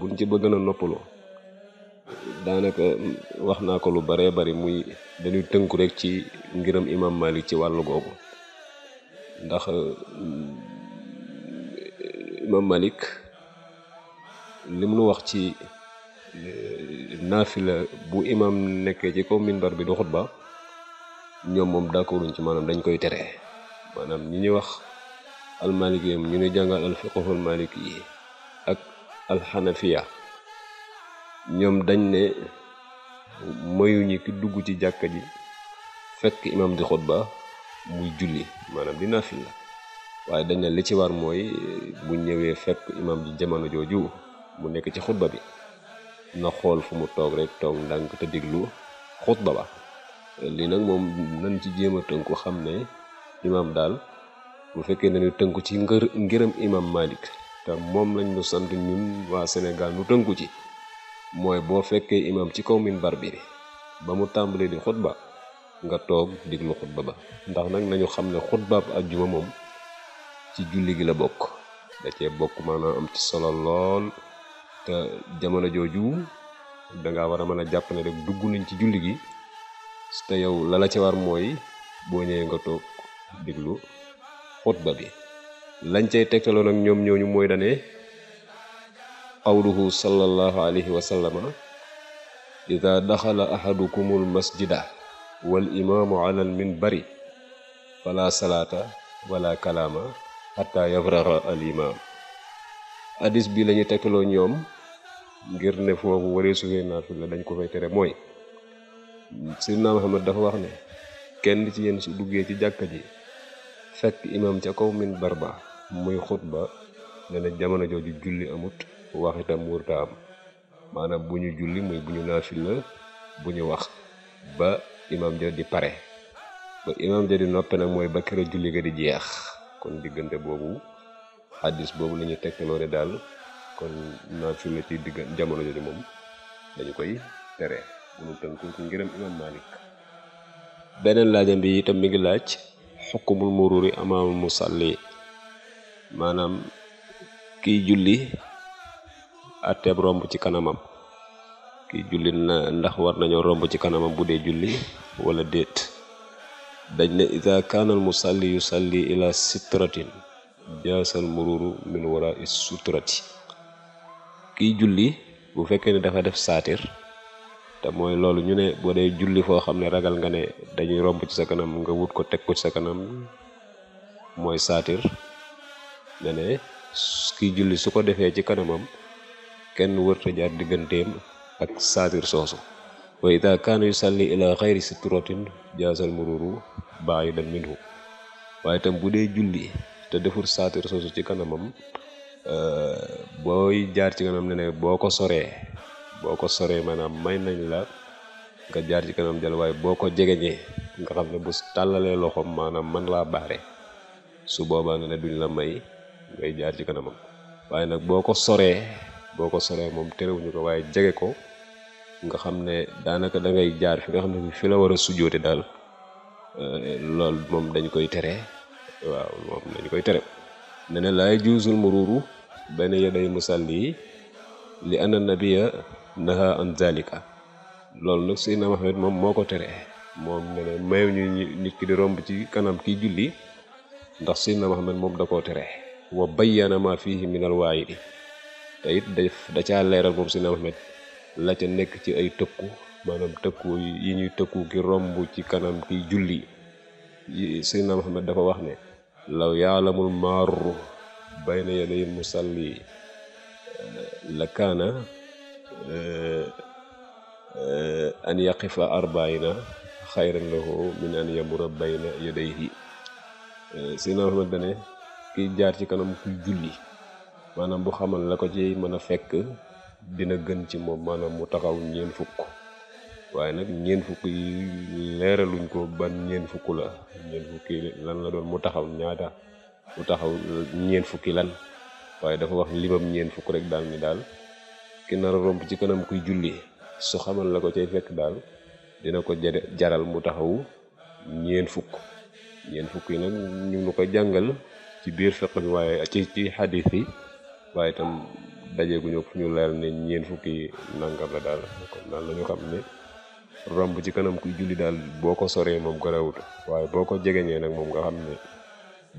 buñ ci bëgg na noppalu daanaka wax naa ko lu baree bari muy dañuy tënku rekk ci ngiram imam malik ci wàllu googu ndax imam malik li mu wax ci naafila bu imam nekkee ci kaw minbar bi du xutba ñoom moom d'accorduñ ci maanaam dañ koy tere maanaam ñu ñuy wax almaliki yam ñu ñuy jàngal alfiqhul maliki ak alxanafiya ñoom dañ ne mayuñu ki dugg ci jàkka ji fekk imam di xutba muy julli maanaam di naafila waaye dañ ne li ci war mooy bu ñëwee fekk imam ji jamono jooju mu nekk ci xutba bi na xool fu mu toog rek toog ndànk te déglu xutba ba lii nag moom nañ ci jéem a tënku xam ne imaam daal bu fekkee nañu tënku ci ngër ngërëm imaam Malik te moom lañ ñu sant ñun waa senegaal ñu tënku ci mooy boo fekkee imaam ci kaw minbar bi ba mu tàmbalee di xutba nga toog déglu xutba ba ndax nag nañu xam ne xutbaab ajjuma moom ci julli gi la bokk da cee bokk maanaam am ci solo lool te jamono jooju da ngaa mën a jàpp ne rek dugg nañ ci julli gi te yow la la ci war mooy boo ñëwee nga toog déglu xutba bi lañ cay tegtaloon ak ñoom ñooñu mooy dane qawluhu sallallahu alayhi wa sallama ida daxala ahadukumul masjida wal imaamu ala al minbari fala salaata wala kalaama xatta yafraxa al imaam hadis bi lañu tegtaloo ñoom ngir ne foofu waree sufee naafila dañ ko fay tere mooy Seydina Muhammad dafa wax ne kenn ci yéen su duggee ci jàkka ji fekk imam ca kaw min barba muy xutba ne na jamono jooju julli amut wax itam wërta am maanaam bu ñu julli muy bu ñu naafila bu ñu wax ba imam ja di pare ba imam ja di noppe nag mooy ba kër julli ga di jeex kon diggante boobu xaddis boobu la ñuy tegtaloo ne daal kon naafile ci digg jamono jooju moom dañu koy tere munu tënku ci ngërëm imam malik beneen laajam bi itam mi ngi laaj xukkumul mururi mu musalli maanaam kiy julli atteeb romb ci kanamam kiy julli na ndax war nañoo romb ci kanamam bu dee julli wala déet dañ ne ida kaanal musalli yusalli ila sitratin jaasal mururu min wara is kiy julli bu fekkee ne dafa def saatir te mooy loolu ñu ne boo dee julli foo xam ne ragal nga ne dañuy romb ci sa kanam nga wut ko teg ko ci sa kanam mooy saatir ne ne kiy julli su ko defee ci kanamam kenn wërta jaar digganteem ak saatir soosu wa ida kaana yusalli ila xayri situratin jaasal mururu baayidan minhu waaye itam bu dee julli te deful saatir soosu ci kanamam Euh, booy jaar ci kanam ne ne boo ko soree boo ko soree maanaam may nañ la nga jaar ci kanam jël waaye boo ko jegeñee nga xam ne bu tàllalee loxoom maanaam man laa baare su boobaa nga ne duñ la may ngay jaar ci kanamam waaye nag boo ko soree boo ko soree moom terewuñu ko waaye jege ko nga xam ne daanaka da ngay jaar fi nga xam ne fi la war a sujjóote daal euh, loolu moom dañ koy tere waaw moom dañ koy tere ne laay juusul mururu bayna yaday musalli li anna nabiya naha an zalika loolu nag Seydina Muhammad moom moo ko tere moom ne ne ñu nit ki di romb ci kanam kiy julli ndax Seydina Muhammad moom da koo tere wa bayyana ma fihi min alwaayidi te it da caa leeral moom Seydina Muhammad la ca nekk ci ay tëkku maanaam tëkku yi ñuy tëkku ki romb ci kanam kiy julli Seydina Muhammad dafa wax ne law yaalamul maaru bayna yaday musalli la kaana an yaqifa arbaina xayran lahu min an yamura bayna yadayhi sina Muhammad dane kiy jaar ci kanam kuy julli maanaam bu xamal la ko ci mën a fekk dina gën ci moom maanaam mu taxaw ñeen fukk waaye nag ñeen fukk yi leeraluñ ko ban ñeen fukk la ñeen fukk lan la doon mu taxaw ñaata mu taxaw euh, ñeent fukki lan waaye dafa wax limam ñeent fukk rek daal ni daal ki nar ci kanam kuy julli su xamal la ko cay fekk daal dina ko jaral mu taxaw ñeent fukk ñeent fukk yi nag ñu ngi ko jàngal ci biir fiq ci ci xadis waaye itam daje ñu fu ñu leer ne ñeent fukki nangam la daal kon daal la ñu xam ne romb ci kanam kuy julli daal boo ko soree moom garawut waaye boo ko jegeñee nag moom nga xam ne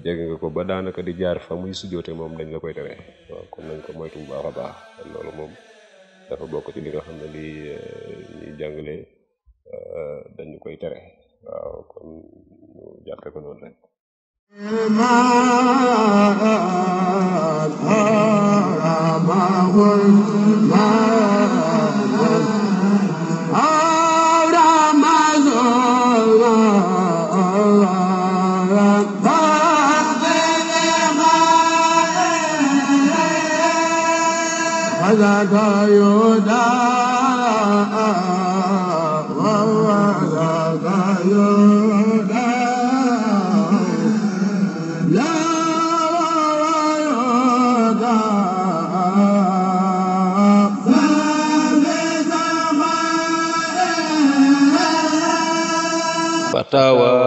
jege nga ko ba daanaka di jaar fa muy sujoote moom dañ la koy tere waaw kon nañ ko moytu bu baax a baax loolu moom dafa bokk ci li nga xam ne lii eh, ñuy jàngale eh, dañu koy tere waaw kon ñu jàppe ko noonu rek tawa